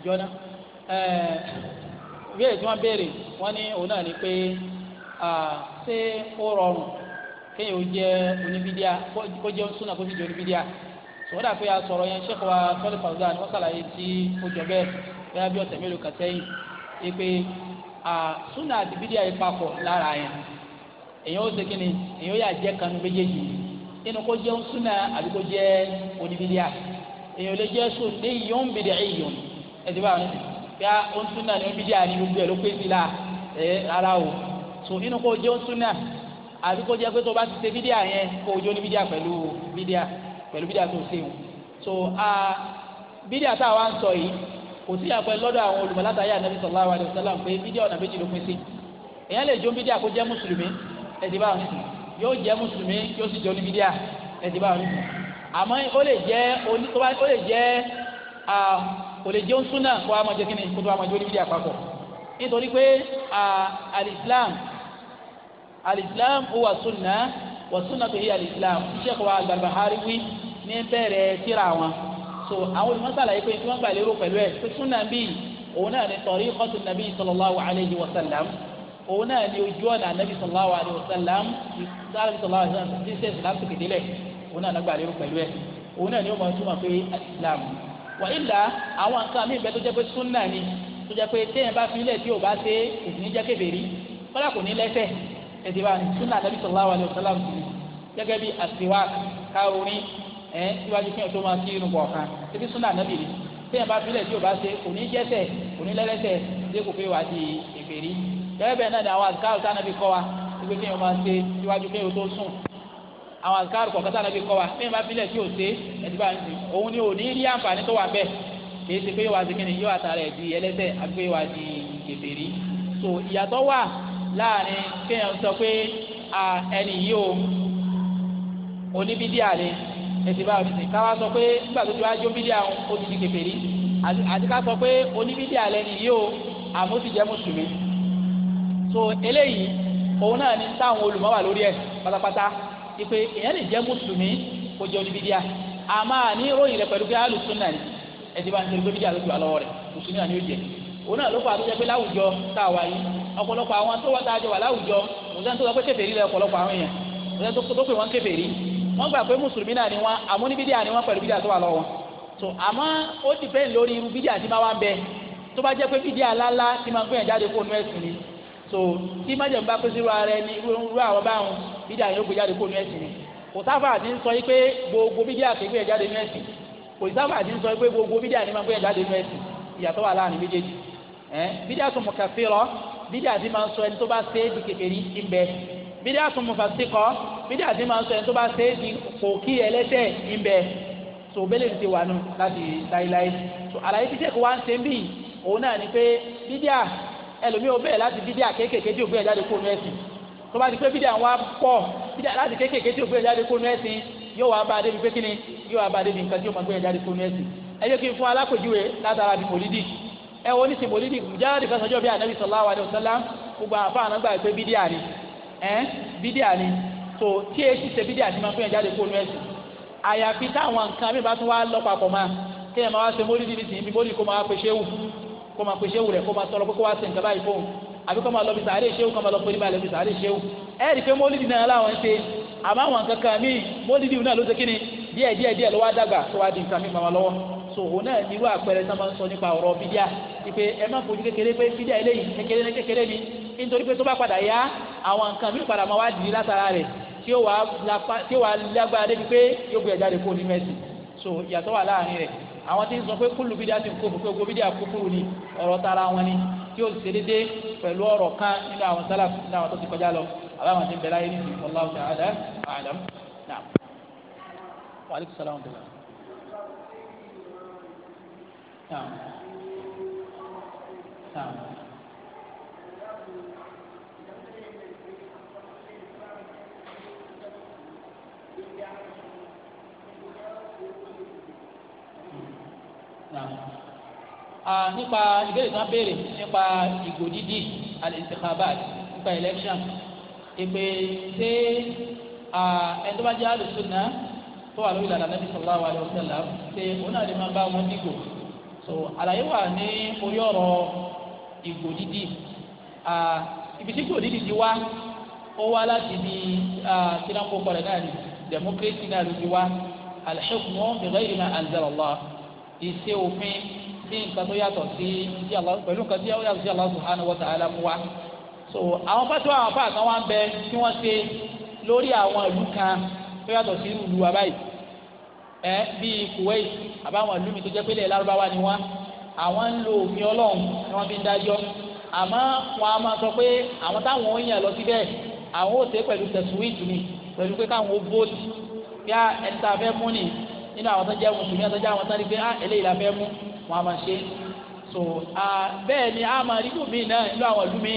jọ́nà ìbéèrè tí wọ́n béèrè wọ́n ní òun náà ni pé ṣé ó rọrùn kéèyàn ó jẹ́ oníbídíà kó jẹ́ súnà kó sì jẹ́ oníbídíà sọ̀rọ̀ àpé asọ̀rọ̀ yẹn ṣẹ́kọ̀ọ́ wa sọ́lé fàlùdà ni wọ́n ṣàlàyé tí ó jọ bẹ́ẹ̀ bẹ́ẹ̀ bí ọ̀sẹ̀ mélòó kan sẹ́yìn ẹ pé súnà àti bídíà yìí papọ̀ lára yẹn èyàn ó ṣe kí ni èyàn ó yà jẹ́ kanu méjèèjì inú kó jẹ́ súnà àbí kó jẹ́ oníbídíà èyàn ò lè jẹ́ sùn ní yóò ń ẹ̀dí bá wọn bíá oṣùnà ni wọ́n bí díà ní gbogbo ẹ̀ ló pé sí la ẹ̀ ara o so inú kó jẹ́ oṣùnà àbí kó jẹ́ pé tó bá ti ṣe bídíà yẹn kó o jó ní bídíà pẹ̀lú bídíà pẹ̀lú bídíà tó ṣe o so bídíà tá a wá ń sọ yìí kò sí àpẹ lọ́dọ̀ àwọn olùmọ̀látàyà anabi sallallahu alayhi wa sallam pé bídíà ọ̀nà méjì ló pín sí èèyàn lè jó bídíà kó jẹ́ mùsùlùmí ẹ̀dí bá wọn nìkan yóò jẹ́ mùsùlùmí yóò sì jó ní bídíà ẹ̀dí kò lè jẹun súnà kó a máa jẹ kíni kó tó a máa jẹ oníbìdí àpapọ̀ nítorí pé alìsílám alìsílám huwa súnà wà súnà tó yẹ alìsílám iṣẹ́ kó wa al wí ní bẹ̀rẹ̀ tíra wọn so àwọn olùmọ̀sálà yìí pé tí wọ́n gbà lérò pẹ̀lú ẹ̀ pé súnà bíi òun náà ni tariqatu nàbí sallallahu alayhi wa sallam òun náà ni ojú ọ̀nà anabi sallallahu alayhi wa sallam sáré sallallahu alayhi wa sallam ṣíṣe ìsìlámù kìdílẹ̀ òun náà nàgbà lérò pẹ̀lú ẹ̀ òun náà ni ó máa túmọ̀ wà ilà àwọn nǹkan mi bẹ tó jẹ́ pé súnà ni tó jẹ́ pé téèyàn bá fi ilẹ̀ tí ò bá ṣe kò ní jẹ́ kébèrè kọ́lá kò ní lẹ́sẹ̀ ẹ̀sìn bá ní súnà nàbí sallallahu alaihi wasallam gẹ́gẹ́ bí àṣìwá káorin ẹ̀ síwájú fún ọ̀tọ́ máa sí inú bọ̀ kan ebi súnà nàbí ni téèyàn bá fi ilẹ̀ tí ò bá ṣe kò ní jẹ́sẹ̀ kò ní lẹ́lẹ́sẹ̀ dé kò pé wà á di ìbèrè gẹ́gẹ́ bẹ́ẹ̀ náà ni àwọn àṣìkáwọ̀ àwọn àkàrò kọ̀ọ̀kan tá a nàbí kọ́ wa mí bá filẹ̀ tí o ṣe ẹ̀dí bá ń di òun ni ò ní rí àǹfààní tó wà bẹ́ẹ̀ kìí ṣe pé yóò wá sí kíni yóò àtàrà ẹ̀ di ẹlẹ́sẹ̀ àti pé yóò wá di so ìyàtọ̀ wà láàrin kéèyàn sọ pé ẹni yìí o oníbídíà ni ẹ̀sìn bá òfin ká wá sọ pé nígbà tó ti wá jó bídíà ó ti di kèfèrí àti ká sọ pé oníbídíà lẹni yìí o àmọ́ ti jẹ́ mùsùlùmí so eléyìí òun náà ni táwọn olùmọ̀ wà lórí ẹ̀ pátápátá ipe èèyàn lè jẹ́ mùsùlùmí kó jẹ́ oníbídíà àmọ́ àní ròyìn rẹ̀ pẹ̀lú pé alùsùnà ni ẹtì bá ń tẹ̀lé bídíà ló ti wà lọ́wọ́ rẹ̀ mùsùlùmí àní ó jẹ́ òun náà ló fà á tó jẹ́ pé láwùjọ tá a wà yìí ọ̀pọ̀lọpọ̀ àwọn tó wà tá a jọ wà láwùjọ òun tó sọ pé kèfèrí lẹ ọ̀pọ̀lọpọ̀ àwọn èèyàn òun tó pè wọ́n kèfèrí wọ́n gbà pé mùsùlùmí náà ni wọ́n àmúnibídíà ni wọ́n pẹ̀lú bídíà tó wà lọ́wọ́ so àmọ́ ó dìpẹ́ lórí irú bídíà tí máa wá ń bẹ tó bá jẹ́ pé bídíà ńláńlá tí máa ń gbìyànjú àdékò nú ẹ̀sìn ni so tí májèm bá pín sírú ara ẹni irú àwọn báwọn bídíà yóò gbé jáde kó nu ẹ̀sìn ni kò sáfà àti ń sọ yí pé gbogbo bídíà kì í gbé jáde nu ẹ̀sìn kò sáfà àti ń sọ yí pé gbogbo bídíà ni máa gbé jáde nu ẹ̀sìn ìyàtọ̀ wà láàrin méjèèjì ẹ̀ bídíà tó mọ̀ kàfé lọ bídíà ti máa ń sọ ẹni tó bá ṣe é di kékeré ń bẹ bídíà tó mọ̀ fàṣíkọ bídíà ti máa sọ ẹni tó bá ṣe é di kòkí ẹlẹ́ṣẹ̀ ń bẹ so bẹ́lẹ̀ ti wà nù láti láéláé so àlàyé tí sẹ́kù wá ń ṣe ń bì òun náà ni pé bídíà ẹlòmíì ò bẹ̀rẹ̀ láti bídíà kéékèèké tí ò gbé ẹ̀jáde kó nu ẹ̀sìn tó bá ti pé bídíà wa pọ̀ bídíà láti kéékèèké tí ò gbé ẹ̀jáde kó nu ẹ̀sìn yóò wá bá a débi pé kíni yóò wá bá a débi nǹkan tí ó máa gbé ẹ̀jáde kó nu ẹ̀sìn ẹ jẹ́ kí n fún alákòjúwe látara bí mòlídì ẹ wo nísìn mòlídì jáde fẹsọjọ bí anabi sallallahu alayhi wa sallam gbogbo àwọn afáàná gbà pé bídíà ni ẹ bídíà ni tó tí e ti ṣe bídíà ti máa fún ẹ̀jáde kó nu ẹ̀sìn àyàfi táwọn nǹkan mi bá tún wá lọ papọ̀ máa kéèyàn máa wá ṣe mòlídì nísìn ibi mòlídì kó máa pèsè wù kó máa pe ṣéwù rẹ̀ kó máa tọrọ pé kó wá sí nǹkan báyìí fóun àbí kó máa lọ bí sàárè ṣéwù kó máa lọ péré balẹ̀ bí sàárè ṣéwù ẹ rí i pé mólídìí náà láwọn ń ṣe àmọ́ àwọn nǹkan míì mólídìí náà ló ṣe kíni díẹ̀ díẹ̀ díẹ̀ ló wá tó wá di nǹkan míì máa lọ́wọ́ so òun náà ní irú àpẹẹrẹ náà máa ń sọ nípa ọ̀rọ̀ bídíà ipe ẹ má fojú kékeré pé bídíà eléyìí kékeré ní kékeré ni nítorí pé tó bá padà yá àwọn nǹkan míì padà máa wá dìrí látara rẹ̀ tí ó wàá lágbára débi pé yóò gbé ẹ̀jáde kó ní mẹ́sì so ìyàtọ̀ wà láàrin rẹ̀ àwọn tí ń sọ pé kúlù bídíà ti kó gbogbo bídíà kúkúrú ni ọ̀rọ̀ tara wọn ni tí ó ṣe déédéé pẹ̀lú ọ̀rọ̀ kan nínú àwọn sálà nínú àwọn tó ti kọjá lọ àbáwọn tí ń bẹ láyé nínú wallahu ta'ala a'lam náà wa alaikum salaam wa rahmatulah. nípa ìbéèrè tí wọ́n béèrè nípa ìgò dídì al-intikhabat nípa election ìpè ṣé ẹni tó bá jẹ́ alùsùnà tó wà lórí ìlànà nàbì sallallahu alaihi wasallam ṣe òun náà lè máa bá wọn dìgò so àlàyé wà ní orí ọ̀rọ̀ ìgò dídì ibi tí ìgò dídì ti wá ó wá láti di kínákó kọlẹ̀ náà ni democracy náà ló ti wá al-hukmu bi ghayri ma anzala ìṣe òfin sí nǹkan tó yàtọ̀ sí ti Allah pẹ̀lú nǹkan tí ó yàtọ̀ sí Allah subhanahu wa ta'ala mú wa so àwọn fásitì àwọn afá kan wá ń bẹ tí wọ́n ṣe lórí àwọn ìlú kan tó yàtọ̀ sí ìlú wa báyìí ẹ bíi Kuwait àbáwọn ìlú mi tó jẹ́ pé ilẹ̀ lárúbáwá ni wọ́n àwọn ń lo òfin Ọlọ́run ni wọ́n fi ń dájọ́ àmọ́ wọn a máa sọ pé àwọn táwọn ò yàn lọ síbẹ̀ àwọn ò ṣe pẹ̀lú tẹ̀síwìtì ni pẹ̀lú pé káwọn ó vóòtì bí ẹni tá a fẹ́ mú ni nínú àwọn tó jẹ́ mùsùlùmí àtọ́jú àwọn tó ń rí pé á ah, la fẹ́ mú wọn a máa ṣe so bẹ́ẹ̀ ni a máa rí lómi náà ìlú àwọn ìlú mi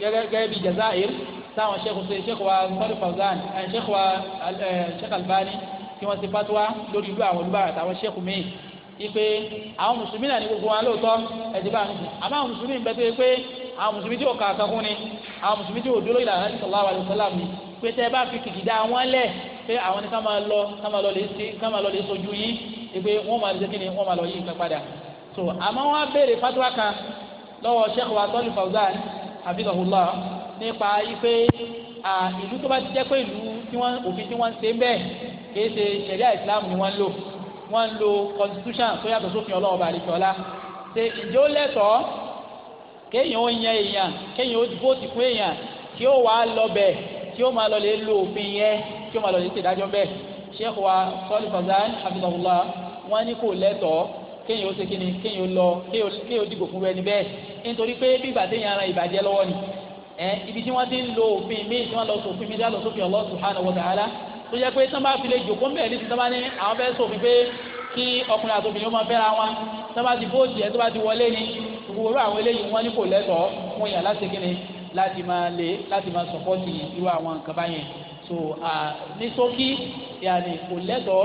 gẹ́gẹ́ bíi Jazair táwọn sheikh ṣe sheikh wa sọ́rí Fawzan eh, sheikh wa eh, sheikh Albani tí wọ́n ti fatuwa lórí ìlú àwọn olùbára àtàwọn sheikh mi ipe àwọn mùsùlùmí náà ní gbogbo wọn lóòótọ́ ẹ̀dí bá nìyí àmọ́ àwọn mùsùlùmí ń bẹ tó yẹ pé àwọn mùsùlùmí tí ò kà kankun ni àwọn mùsùlùmí tí ò dúró ìlànà àti sọlá wa lọ́sọ́lá mi pé tẹ́ ẹ bá fi kìkìdá wọn lẹ̀ pé àwọn ni ká máa lọ ká máa lọ lè sojú yín pé wọ́n máa lè kíni wọ́n máa lọ yí nǹkan padà so àmọ́ wọ́n á béèrè fatuwa kan lọ́wọ́ sheikh wa tọ́lù fawzan abidahullah nípa ipe ìlú tó bá ti jẹ́ pé ìlú tí òfin tí wọ́n ń ṣe bẹ́ẹ̀ kì ṣe ṣẹ̀ríà islam ni wọ́n ń lò wọ́n ń lo constitution tó yàtọ̀ sófin ọlọ́wọ́ balẹ̀kọ́lá ṣe ìjó lẹ́tọ̀ọ́ kéèyàn ó yan èèyàn kéèyàn ó vóòtì fún èèyàn tí ó wàá lọ bẹ̀ tí ó máa lọ lè lo òfin yẹn tí ó máa lọ lè ṣèdájọ́ bẹ́ẹ̀ sheikh wa sọ́ọ́lì fawzan abidahullah wọ́n ní kò lẹ́tọ̀ọ́ kéèyàn ó ṣe kí ni kéèyàn ó lọ kéèyàn ó dìbò fún ẹni bẹ́ẹ̀ nítorí pé bí ìgbà téèyàn ara ìbàjẹ́ lọ́wọ́ ni ẹ ibi tí wọ́n ti ń lo òfin míì tí wọ́n lọ sófin míì tí wọ́n lọ sófin Allah subhanahu wa ta'ala tó jẹ́ pé tán bá fi lè jòkó mbẹ́ ní ti tán bá ní àwọn fẹ́ sófin pé kí ọkùnrin àti ó máa fẹ́ra wọn tán ti bóòsì ẹ̀ tó ti wọlé ni gbogbo àwọn eléyìí wọ́n ní kò lẹ́tọ̀ọ́ wọ́n yàn láti kí ni láti máa lè láti máa sọ̀pọ́tì irú àwọn nǹkan báyẹn so ní ṣókí yàní kò lẹ́tọ̀ọ́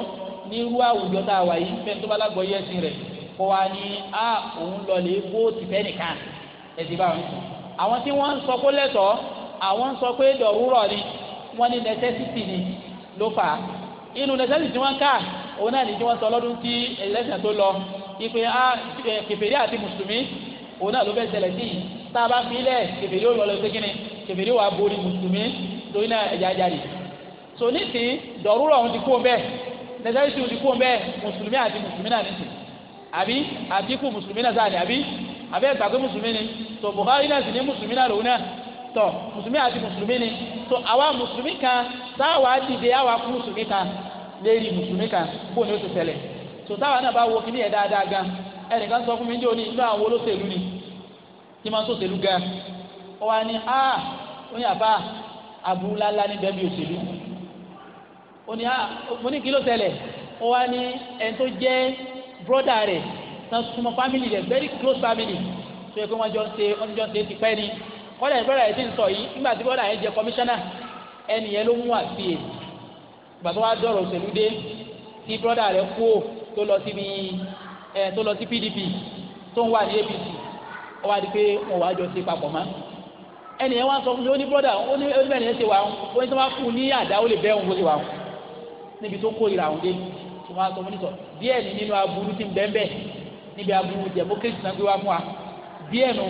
nírú àwùjọ tá a wà yìí fẹ́ tó bá lágbọ́ yẹ ẹ̀sìn rẹ̀ kó wa ní a òun lọ lè vóòtù fẹ́ nìkan ẹ̀sìn báwọn ní. àwọn tí wọ́n ń sọ pé lẹ́tọ̀ọ́ àwọn ń sọ pé dọ̀rúrọ̀ ni wọ́n ní necessity ni ló fà á inú necessity tí wọ́n ká òun náà ní tí wọ́n sọ lọ́dún tí election tó lọ ipe a kèfèrí àti mùsùlùmí òun náà ló fẹ́ ṣẹlẹ̀ sí yìí tá a bá fi lẹ̀ kèfèrí ó lọ sí kíni kèfèrí wàá borí mùsùlùmí lórí náà ẹ̀já jáde so nísìnyí dọ̀rúrọ̀ ọ̀hún ti kó bẹ́ẹ̀ nẹsẹsì ti kú bẹ́ẹ̀ mùsùlùmí àti mùsùlùmí náà nìsí àbí àdínkù mùsùlùmí náà sáà ní àbí àbẹ́ ìgbàgbé mùsùlùmí ni tó Buhari náà sì ní mùsùlùmí náà lòun náà tọ mùsùlùmí àti mùsùlùmí ni tó àwa mùsùlùmí kan táwa dìde àwa kú mùsùlùmí kan lérí mùsùlùmí kan kó ní o ti tó táwa náà bá wo kí ní ẹ̀ dáadáa gan ẹnìkan sọ fún mi ní òní inú àwọn olóṣèlú ni tí máa ń sòṣèlú gan ọ wá ní a ó ní àbá abúlá ńlá níbẹ̀ bí òṣèlú Oni ní oni ah, kilo kí ló ṣẹlẹ̀ ó wá ní ẹni tó jẹ́ brọ́dà rẹ̀ náà súnmọ́ family rẹ̀ very close family So yẹ kó wọ́n jọ ń ṣe wọ́n jọ ń ṣe ti pẹ́ ni kọ́lẹ̀ ní brọ́dà yẹn ti ń sọ yìí nígbà tí brọ́dà yẹn jẹ commissioner ẹni yẹn ló mú àti è ìgbà tó wá dọ̀rọ̀ òṣèlú dé tí brọ́dà rẹ̀ kú tó lọ síbi ẹ̀ tó lọ sí PDP tó ń wà ní APC ó wá di pé wọn wá jọ ṣe papọ̀ mọ́ ẹni yẹn wá sọ fún mi ó ní brọ́dà ó ní bẹ́ẹ̀ ni ẹ ṣe wà ó ní tó bá kú ní àdá ó lè bẹ́ òun ó lè wà ó níbi tó kó ìràwọ̀ dé tó máa sọ fún nìsọ díẹ̀ ní nínú aburú ti ń bẹ́ẹ̀ bẹ́ẹ̀ níbi aburú democracy náà gbé wá fún wa díẹ̀ nu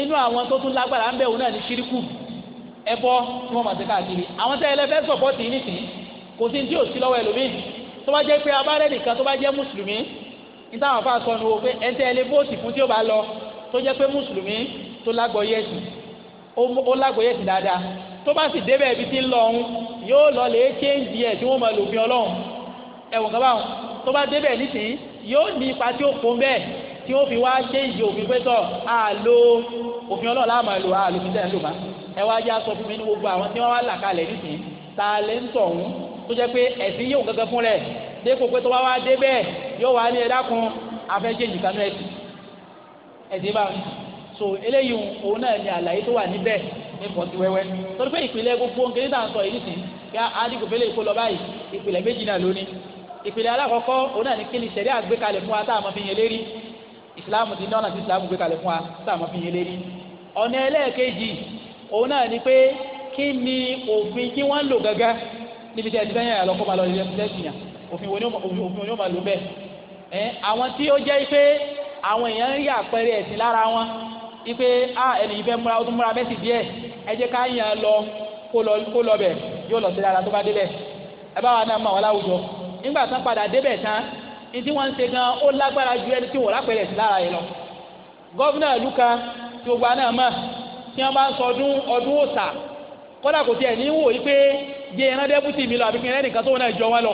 inú àwọn tó tún lágbára ń bẹ̀ òun náà ní ṣíríkù ẹbọ tí wọ́n máa ṣe káàkiri àwọn tẹ́ ẹlẹ́fẹ́ sọ̀pọ̀tì nìsín kò sí tí ò sí lọ́wọ́ ẹlòmíì tó bá jẹ́ pé abárẹ́ nìkan tó bá jẹ́ mùsùlùmí níta àwọn afa sọnù pé ẹ̀ńtẹ́ ẹlẹ́ vóòtì fún tí ó bá lọ tó jẹ́ pé mùsùlùmí tó lágbọ̀ọ́yẹ̀sì ó lágbọ̀ọ́yẹ̀sì dáadáa tó bá sì débẹ̀ ibi tí ń lọ ọ̀hún yóò lọ lè chéǹjì ẹ̀ tí wọ́n máa lò fi ọlọ́run ẹ̀wọ̀n kan báwọn tó bá débẹ̀ nísìnyí yóò ní ipa tí ó kún bẹ́ẹ̀ tí ó fi wá chéǹjì òfin pẹ́tọ̀ àlò òfin ọlọ́run láàmà lò àlò fi tẹ̀ lò má ẹ wá já sọ fún mi ní gbogbo àwọn tí wọ́n wá là kalẹ̀ nísìnyí ta lẹ́ ń tọ̀ ọ̀hún tó jẹ́ pé ẹ̀sìn yóò gẹ́gẹ́ fún rẹ̀ dépò pé so eléyìí òun náà ni àlàyé tó wà níbẹ̀ ní bọ̀tí wẹ́wẹ́ torí pé ìpìlẹ̀ gbogbo nǹkan nígbà sọ yìí nìsín yá adigun fẹlẹ ìkó lọ báyìí ìpìlẹ̀ méjì náà lónìí ìpìlẹ̀ alákọ̀ọ́kọ́ òun náà ni kí ni sẹ̀rí àgbékalẹ̀ fún wa tá a máa fi yẹn lérí ìsìláàmù ti náà náà ti ìsìláàmù gbékalẹ̀ fún wa tá a máa fi yẹn lérí ọ̀nà ẹlẹ́ẹ̀kejì òun náà ni pé kí ni òfin kí wọ́n lò gẹ́gẹ́ níbi tí ẹ ti fẹ́ yàn lọ́kọ́ máa lọ ilé ẹ̀ ti yàn òfin wo ni ó máa lò bẹ́ẹ̀ àwọn tí ó jẹ́ pé àwọn èèyàn ń yà àpẹẹrẹ ẹ̀sìn lára wọn ipe a ẹni ìfẹ́ múra ó tún múra bẹ́sì díẹ̀ ẹ jẹ́ ká yàn lọ kó lọ bẹ̀ yóò lọ sí dára tó bá débẹ̀ ẹ bá wa náà mọ àwọn láwùjọ nígbà tán padà débẹ̀ tán ní tí wọ́n ń ṣe gan ó lágbára ju ẹni tí wọ́n lápẹ̀rẹ̀ sí lára yẹn lọ gọ́vnà ìlú kan tí gbogbo náà mọ̀ tí wọ́n bá ń sọ ọdún ọdún òòsà kọ́dà kò tiẹ̀ ní wò yí pé jẹ́ ẹran dẹ́bùtì mi lọ àbí kìnìún ẹnìkan tó wọn náà jọ wọn lọ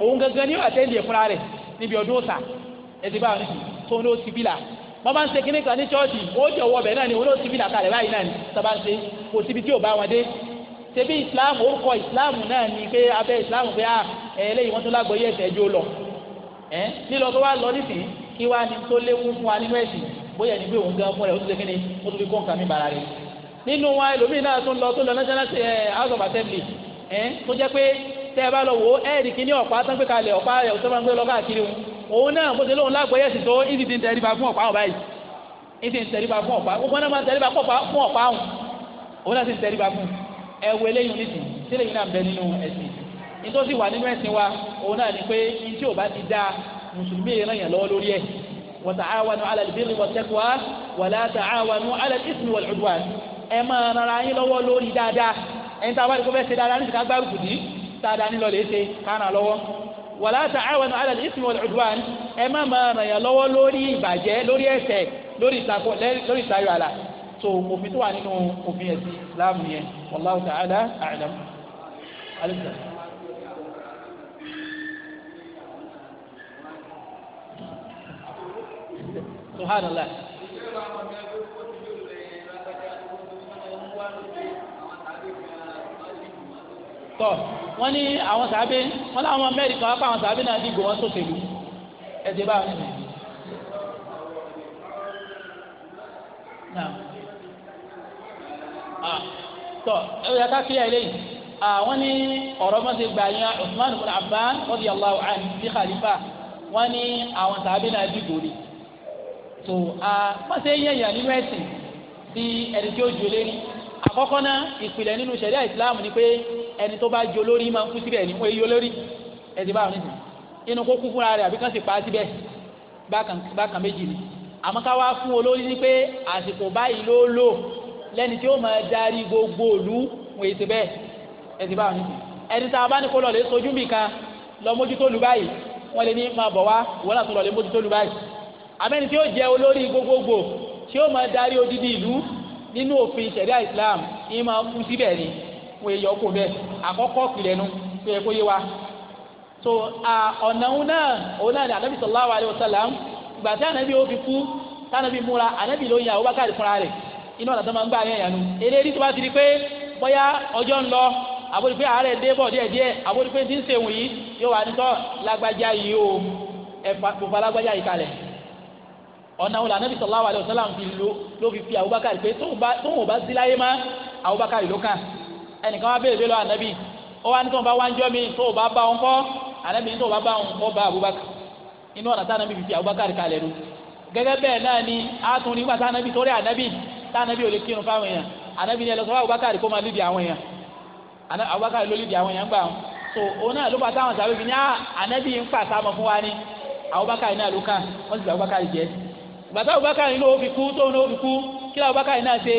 òun gangan ní àtẹ́ǹdì ẹ̀fúnra rẹ̀ níbi ọdún òòsà ẹ̀dínbà wọn wọ́n bá ń ṣe kíní kan ní chọ́ọ̀chì ó jẹ́ owó ọbẹ̀ náà ni olóò síbi làkàlẹ̀ báyìí náà ni sábà ń ṣe kò síbi tí ò bá wọn dé ṣebí islam orúkọ islam náà ni pé abẹ́ islam pé ah, ẹlẹ́yìn wọn tó lágbọ́ yẹ ẹ̀sẹ̀ ẹjọ́ lọ ẹ lílọ tó wá lọ nísìnyí kí wá ní tó léwu fún wa nínú ẹ̀sìn bóyá ní pé òun gan fún rẹ̀ ó tún ṣe kíni ó tún fi kọ́ nǹkan mi bàrà rẹ̀ nínú wa ẹlòmíì náà tún lọ tó lọ national house of assembly ẹ tó jẹ́ pé tẹ́ ẹ bá lọ wò ó ẹ̀ẹ́dì kíní ọ̀pá tán pé kalẹ̀ ọ̀pá rẹ̀ ò òun náà bó ṣe lóun lágbẹ̀yẹ̀ sì tó ìdí ti ń tẹríba fún ọ̀pá ọ̀bá yìí ìdí ń tẹríba fún ọ̀pá gbogbo náà máa ń tẹríba fún ọ̀pá ọ̀hún òun náà sì ń tẹríba fún ẹ̀wọ̀ eléyìí nìsín sílẹ̀ yìí náà ń bẹ nínú ẹ̀sìn nítorí wà nínú ẹ̀sìn wa òun náà ni pé ní tí ò bá ti dáa mùsùlùmí ràn lọ́wọ́ lórí ẹ̀ wa ta'awanu 'ala al wala ta'awanu ala al-ithmi wal-'udwan ẹ má máa ràn yàn lọ́wọ́ lórí ìbàjẹ́ lórí ẹ̀ṣẹ̀ lórí ìtakò lórí ìtayọ̀ àlà tó òfin tó wà nínú òfin ẹ̀sìn Islam yẹn wallahu ta'ala a'lam. subhanallah tọ wọn ní àwọn sàbẹ wọn láwọn mẹ́rin kan wá pa àwọn sàbẹ náà dìgbò wọn sòṣèlú ẹsẹ bá wọn nìyẹn. Ah, tọ ẹ yà ká kílíà eléyìí àwọn ah, ní ọ̀rọ̀ mọ́sí gbà yẹn Usman ibn Affan radiyallahu anhu ní khalifa wọn ní àwọn sàbẹ náà dìgbò ni tó a mọ́sí yẹn yà nínú ẹ̀sìn tí ẹni tí ó ju eléyìí àkọ́kọ́ náà ìpìlẹ̀ nínú sẹ̀ríà ìsìláàmù ni pé ẹni tó bá jẹ olórí máa ń kú síbẹ̀ ni wọ́n yí olórí ẹ̀sìn báwọn nìyí inú kó kú fúnra rẹ̀ àbí kán sì pa síbẹ̀ bákan méjì ni àmọ́ ká wá fún olórí ní pé àsìkò báyìí ló lò lẹ́ni tí ó máa darí gbogbo òlú wọ́n èsì bẹ́ẹ̀ ẹ̀sìn báwọn nìyí ẹni tá a bá ní kó lọ́ọ̀lẹ́ sojú mi kan lọ mójútó lu báyìí wọ́n lè ní máa bọ̀ wá ìwọ́n nínú òfin ṣẹ̀ríà Islam ní máa kú síbẹ̀ ni wọ́n èyí ọkọ̀ bẹ́ẹ̀ àkọ́kọ́ kìlẹ̀ tó yẹ kó yé wa. so ọ̀nà òun náà òun náà ni anabi sallallahu alayhi wa sallam ìgbà tí anabi ó fi kú múra anabi ló yan Abubakar fúnra rẹ̀ inú ọ̀nà tó máa ń gbà yẹn yànnu eléyìí tó bá ti di pé bóyá ọjọ́ ń lọ àbórí pé àárẹ̀ dé bọ̀ díẹ̀díẹ̀ àbórí pé ti ń yìí yóò wà nítọ́ lágbájá yìí ọ̀nà wo la anabi sallallahu alayhi wa sallam fi lo ló fi fi abubakar pé tóun ò bá sí láyé má abubakar ló kàn ẹnìkan wá béèrè lọ anabi ó wá ní tóun bá wá ń jọ́ mi tóun bá bá òun kọ́ anabi ní tóun bá bá òun kọ́ bá abubakar inú ọ̀nà tá anabi fi fi abubakar kalẹ̀ lu gẹ́gẹ́ bẹ́ẹ̀ náà ni a tún nígbà tá anabi torí anabi tá anabi ò lè kírun fáwọn èèyàn anabi ni ẹ so òun náà ló bá táwọn sábẹ́ fi ní anabi ah, ń pàṣà mọ̀ fún wa ni bàtà Abubakar yìí ló fi kú tóun ló fi kú kí ló Abubakar yìí náà ṣe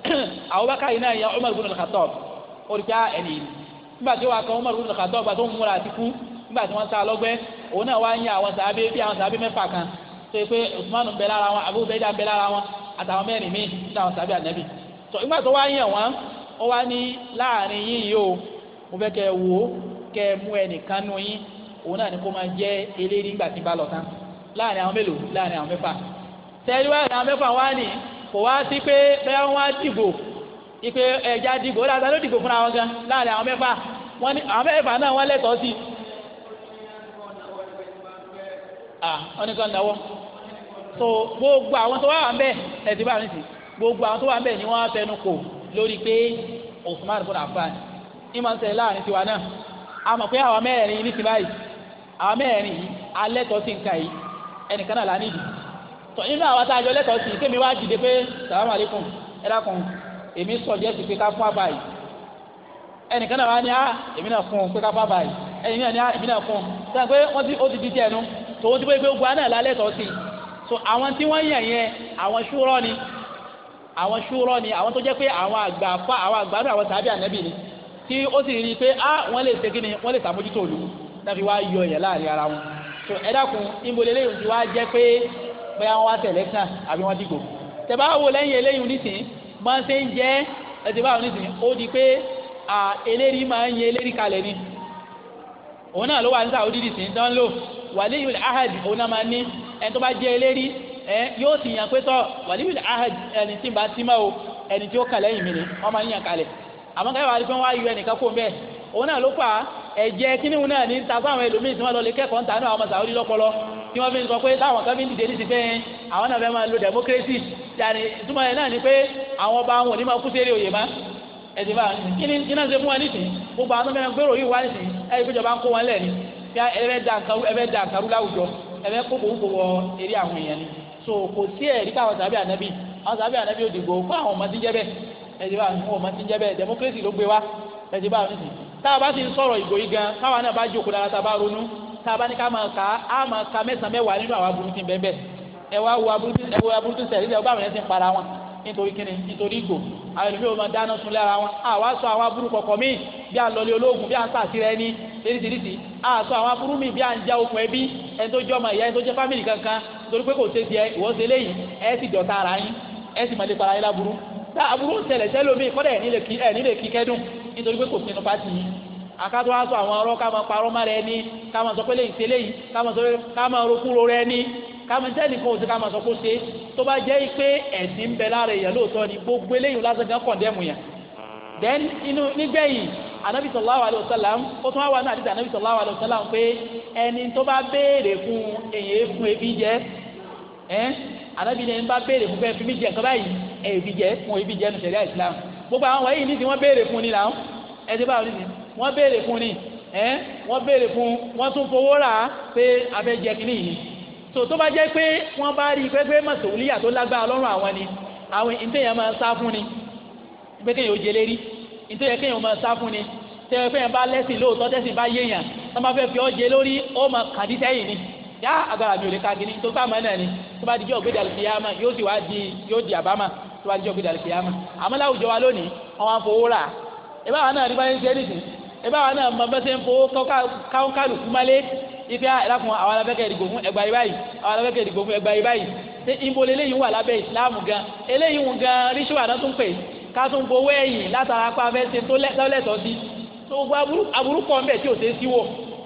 Abubakar yìí náà yẹ Umar ibn al-Khattab ó rí pé ah, ẹni yìí nígbà tí wàá kan Umar ibn al òun múra àti kú nígbà tí sá lọ́gbẹ́ òun náà wá ń àwọn sàábé bí àwọn sàábé mẹ́fà kan tó yẹ pé Usman bẹ lára wọn Abu Ubaida ń bẹ lára wọn àtàwọn mẹ́rin míì nínú àwọn sàábé ànábì tó nígbà tó wá yẹ wọn ó wá ní láàrin yín yìí ni kó máa jẹ́ eléré nígbà tí bá àwọn mélòó láàrin àwọn mẹ́fà tẹ́rí wáyà mẹ́fà wá ní kò wá sí pé bẹ́ẹ̀ wọ́n dìbò ìpè ẹ̀já dìbò láti ló dìbò fúnra wọn gan láàrin àwọn mẹ́fà wọ́n ní àwọn mẹ́fà náà wọ́n lẹ́tọ̀ọ́ sí. wọ́n ní náwó so gbogbo àwọn tó wà wà ń bẹ̀ bá mi sì gbogbo àwọn tó wà ń ni wọ́n fẹnu kò lórí pé ìmọ̀ nsẹ̀ láàrin tiwa náà a mọ̀ pé àwọn mẹ́rin ní àwọn mẹ́rin yìí tọ inú àwọn tá a jọ lẹ́tọ̀ọ́ sí kémi wá dìde pé salamu aleykum ẹ dákun èmi sọ jẹ́ sí pé ká fún àbá yìí ẹnìkan náà wá ní á èmi náà fún un pé ká fún àbá yìí ẹnìkan náà ní á èmi náà fún un sọ pé wọ́n ti ó ti di tiẹ̀ nu tòun ti pé gbogbo àná lálẹ́tọ̀ọ́ sí so àwọn tí wọ́n yàn yẹn àwọn ṣúrọ́ ni àwọn ṣúrọ́ ni àwọn tó jẹ́ pé àwọn àgbà fa àwọn àgbà náà àwọn sàbí ànábì ni tí ó sì rí i pé á wọ́n lè ṣe kí ni wọ́n lè ṣàmójútó òlu náà fi wá yọ yẹn láàrin ara wọn so ẹ dákun ìmọ̀lẹ́lẹ́yìn ti wá jẹ́ pé bóyá wọn wá tẹ̀lé kan àbí wọ́n dìgbò tẹ̀bá wo lẹ́yìn eléyìí nísìn máa ń ṣe ń jẹ́ ẹ̀tẹ̀bá ó di pé eléyìí máa ń yẹ eléyìí kalẹ̀ ni òun náà ló wà ahad òun náà máa ní ẹni tó bá jẹ́ eléyìí yóò ahad ẹni tí ma o ẹni tí ó mi ni wọ́n máa ń yàn kalẹ̀ àmọ́ káyọ̀ yọ bẹ́ẹ̀ òun náà ló fà ẹ̀jẹ̀ tí wọ́n fi ń sọ pé táwọn kan fi ń dìde ní ti pé àwọn náà fẹ́ máa lo democracy yàrá ìtumọ̀ yẹn náà ni pé àwọn ọba wọn ò ní máa kú sí eré òye má ẹ̀sìn bá kíni kíni ṣe fún wa nísìn gbogbo àwọn mẹ́rin gbèrò yìí wá nísìn ẹ̀yìn péjọba ń kó wọn lẹ̀ ni ẹ̀fẹ́ da nkaru ẹ̀fẹ́ kó gbogbo wọ eré àwọn èèyàn ni so kò sí ẹ̀rí káwọn sàbí ànábì àwọn sàbí ànábì ò dìgbò fún àwọn ọmọ tí ń jẹ́ bẹ́ẹ̀ ẹ̀sìn bá àwọn ọmọ tí ń jẹ́ bẹ́ẹ̀ democracy ló tá a bá ní ká máa kà á máa ka mẹ́sàn-án mẹ́wàá nínú àwọn aburú tí ń bẹ́ẹ̀ bẹ́ẹ̀ ẹ wá wo aburú tí ẹ wo aburú tí sẹ̀rí ẹ bá àwọn yẹn ti ń para wọn nítorí kíni nítorí ìgò àwọn ènìyàn máa dáná sun lára wọn àwa sọ àwọn aburú kọ̀ọ̀kan míì bí à ń lọlé olóògùn bí à ń sàṣírẹ ẹni léríṣiríṣi a sọ àwọn aburú míì bí à ń já okùn ẹbí ẹni tó jẹ́ ọmọ ìyá ẹni tó jẹ́ fámìlì kankan torí pé kò ṣe tiẹ̀ ìwọ́n ṣe léyìí ẹ sì dọ̀tá ara yín ẹ sì máa lè para yín láburú tá aburú ń ṣẹlẹ̀ sẹ́lómi kọ́dà ẹ̀ nílé kí kẹ́dùn nítorí pé kò sínú pátì yín akátó wá sọ àwọn ọ̀rọ̀ ká máa parọ́ má rẹ ní ká máa sọ pé kama tẹ́lẹ̀ yìí ká máa sọ pé ká máa rokúro rẹ ní ká máa jẹ́ nìkan òsì ká máa sọ kó ṣe tó bá jẹ́ pé ẹ̀sìn ń bẹ lára èèyàn lóòótọ́ ni gbogbo eléyìí lásán kan kàn dẹ́mu yẹn then inú nígbẹ̀yìn anabi sallallahu alayhi wa sallam ó tún wá wà anabi sallallahu alayhi wa sallam pé ẹni tó bá béèrè fún èyí fún ebi jẹ ẹ anabi ni ẹni bá fun fún bẹ́ẹ̀ fi mí jẹ nǹkan báyìí ẹ ebi jẹ fún ebi jẹ nù sẹ̀ríà ìsìlámù gbogbo àwọn wọ̀nyí ní ti wọ́n béèrè fún ni làwọn ẹ ti báwọn ní wọ́n béèrè fún ni ẹ́ wọ́n béèrè fún wọ́n tún fowó rà á pé abẹ́jẹ kìíní yìí so tó bá jẹ́ pé wọ́n bá rí pẹ́pẹ́ mọ̀sòwúlíyà tó lágbára lọ́rùn àwọn ni àwọn ìtẹ̀yẹ̀ máa sá fún ni pé kéèyàn ó jẹlé rí ìtẹ̀yẹ̀ kéèyàn máa sá fún ni tẹ́wọ́ fẹ́yàn bá lẹ́sìn lóòótọ́ tẹ́sìn bá yéèyàn wọ́n máa fẹ́ fi ọ́ jẹ lórí ó máa kàdí sẹ́yìn ni yá agbára mi ò lè ka gini tó bá máa náà ni tó bá dijọ́ ògbé dàlùfẹ́ yá máa yóò sì wá di yóò di àbámà tó bá dijọ́ ògbé dàlùfẹ́ yá máa àmọ́ láwùjọ wa lónìí wọ́n máa rà ẹ báwa náà rí báyìí ṣe é Ah, ẹ bá wa náà mọ bẹ́sẹ̀ ń fowó káwọ́kálù kúmálé ife alákùn àwọn alábẹ́kẹ̀ ìdìbò fún ẹgbà yìí báyìí àwọn alábẹ́kẹ̀ ìdìbò fún ẹgbà yìí báyìí ṣé ibo leléyìí wà lábẹ́ ìsìláàmù gan eléyìí wù gan ríṣùwà náà tún pè ká tún gbowó ẹ̀yìn látara apá abẹ́sẹ̀ tó lẹ́tọ̀ọ́ sí tó gbogbo aburú pọ̀ nbẹ̀ tí ò ṣeé síwò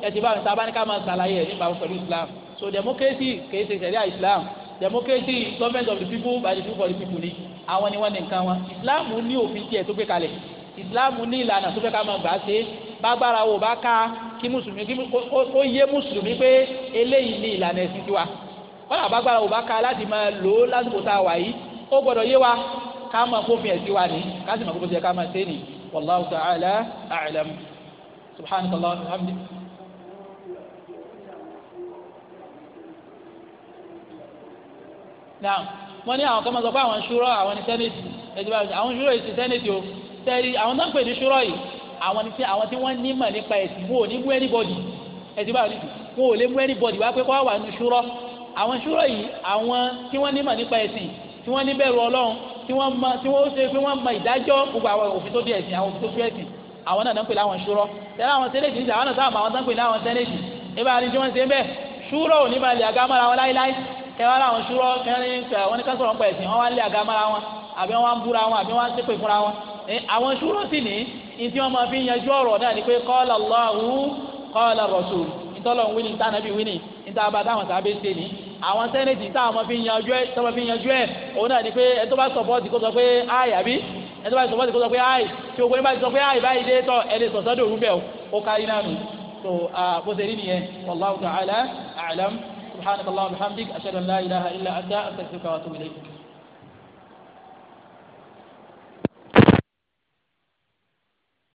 ẹtì báwọn ìta abáníkà máa ṣàlàyé ẹ̀ nípa pẹ̀lú Islam so democracy kìí ṣe ṣẹ̀ríà Islam democracy government of the people by the people for the people ni àwọn ni wọ́n ní nǹkan wọn ìsìláàmù ní ìlànà tó fẹ́ ká máa gbà ṣe bágbára wo bá ká kí mùsùlùmí kó yé mùsùlùmí pé eléyìí ní ìlànà ẹ̀sìn tiwa kọ́lá bágbára wo bá ká láti máa lò ó lásìkò tá a wà yìí ó gbọ́dọ̀ yé wa ká máa kófin ẹ̀sìn wa ní ká máa kófin ẹ̀ká máa ṣe ní wallahu ta'ala a'lam subhanallahi alhamdulilayi. naam wọ́n ní àwọn kan máa àwọn ṣúrọ́ àwọn ní sẹ́nẹ̀tì ẹ̀jẹ̀ bá àwọn ṣúrọ́ yìí ti sẹ́nẹ̀tì o tẹ̀rí àwọn náà ń pè ní ṣúrọ̀ yìí àwọn ní àwọn tí wọ́n nímọ̀ nípa ẹ̀sìn wọn ò ní mú anybody ẹ̀sìn báyìí wọn ò lè mú anybody wá pé kọ́ wà ní ṣúrọ̀ àwọn ṣúrọ̀ yìí àwọn tí wọ́n nímọ̀ nípa ẹ̀sìn tí wọ́n níbẹ̀rù ọlọ́run tí wọ́n mọ tí wọ́n ṣe pé wọ́n mọ ìdájọ́ gbogbo àwọn òfin tó bí ẹ̀sìn àwọn òfin tó bí ẹ̀sìn àwọn náà ń pè láwọn ṣúrọ̀ tẹ́lẹ̀ àwọn sẹ́nẹ̀tì níta àwọn náà sábà àwọn sáńpè láwọn sẹ́nẹ̀tì ibà ni tí wọ́n ṣe ń bẹ̀ àbí wọn búra wọn àbí wọn ṣépè fúnra wọn àwọn ṣúró sì ní ní tí wọn máa fi yanjú ọ̀rọ̀ náà ni pé qala Allahu qala rasul ìtọ́lọ̀ wíní ìtànàbí wíní ìtàbà táwọn sábẹ́ ṣe ní àwọn sẹ́nẹ̀tì táwọn máa fi yanjú ẹ̀ táwọn máa fi yanjú ẹ̀ òun náà ni pé ẹ tó bá sọ̀pọ̀tì kó sọ pé áì àbí ẹ tó bá sọ̀pọ̀tì kó sọ pé áì tí o gbé bá ti sọ pé áì báyìí dé tọ̀ ẹ lè sọ̀sọ́ dòru bẹ́ẹ̀ o kárí náà nù tó bó ṣe rí nìyẹn wallahu ta'ala a'lam subhanakallahu wa bihamdik ashhadu an la ilaha illa anta astaghfiruka wa atubu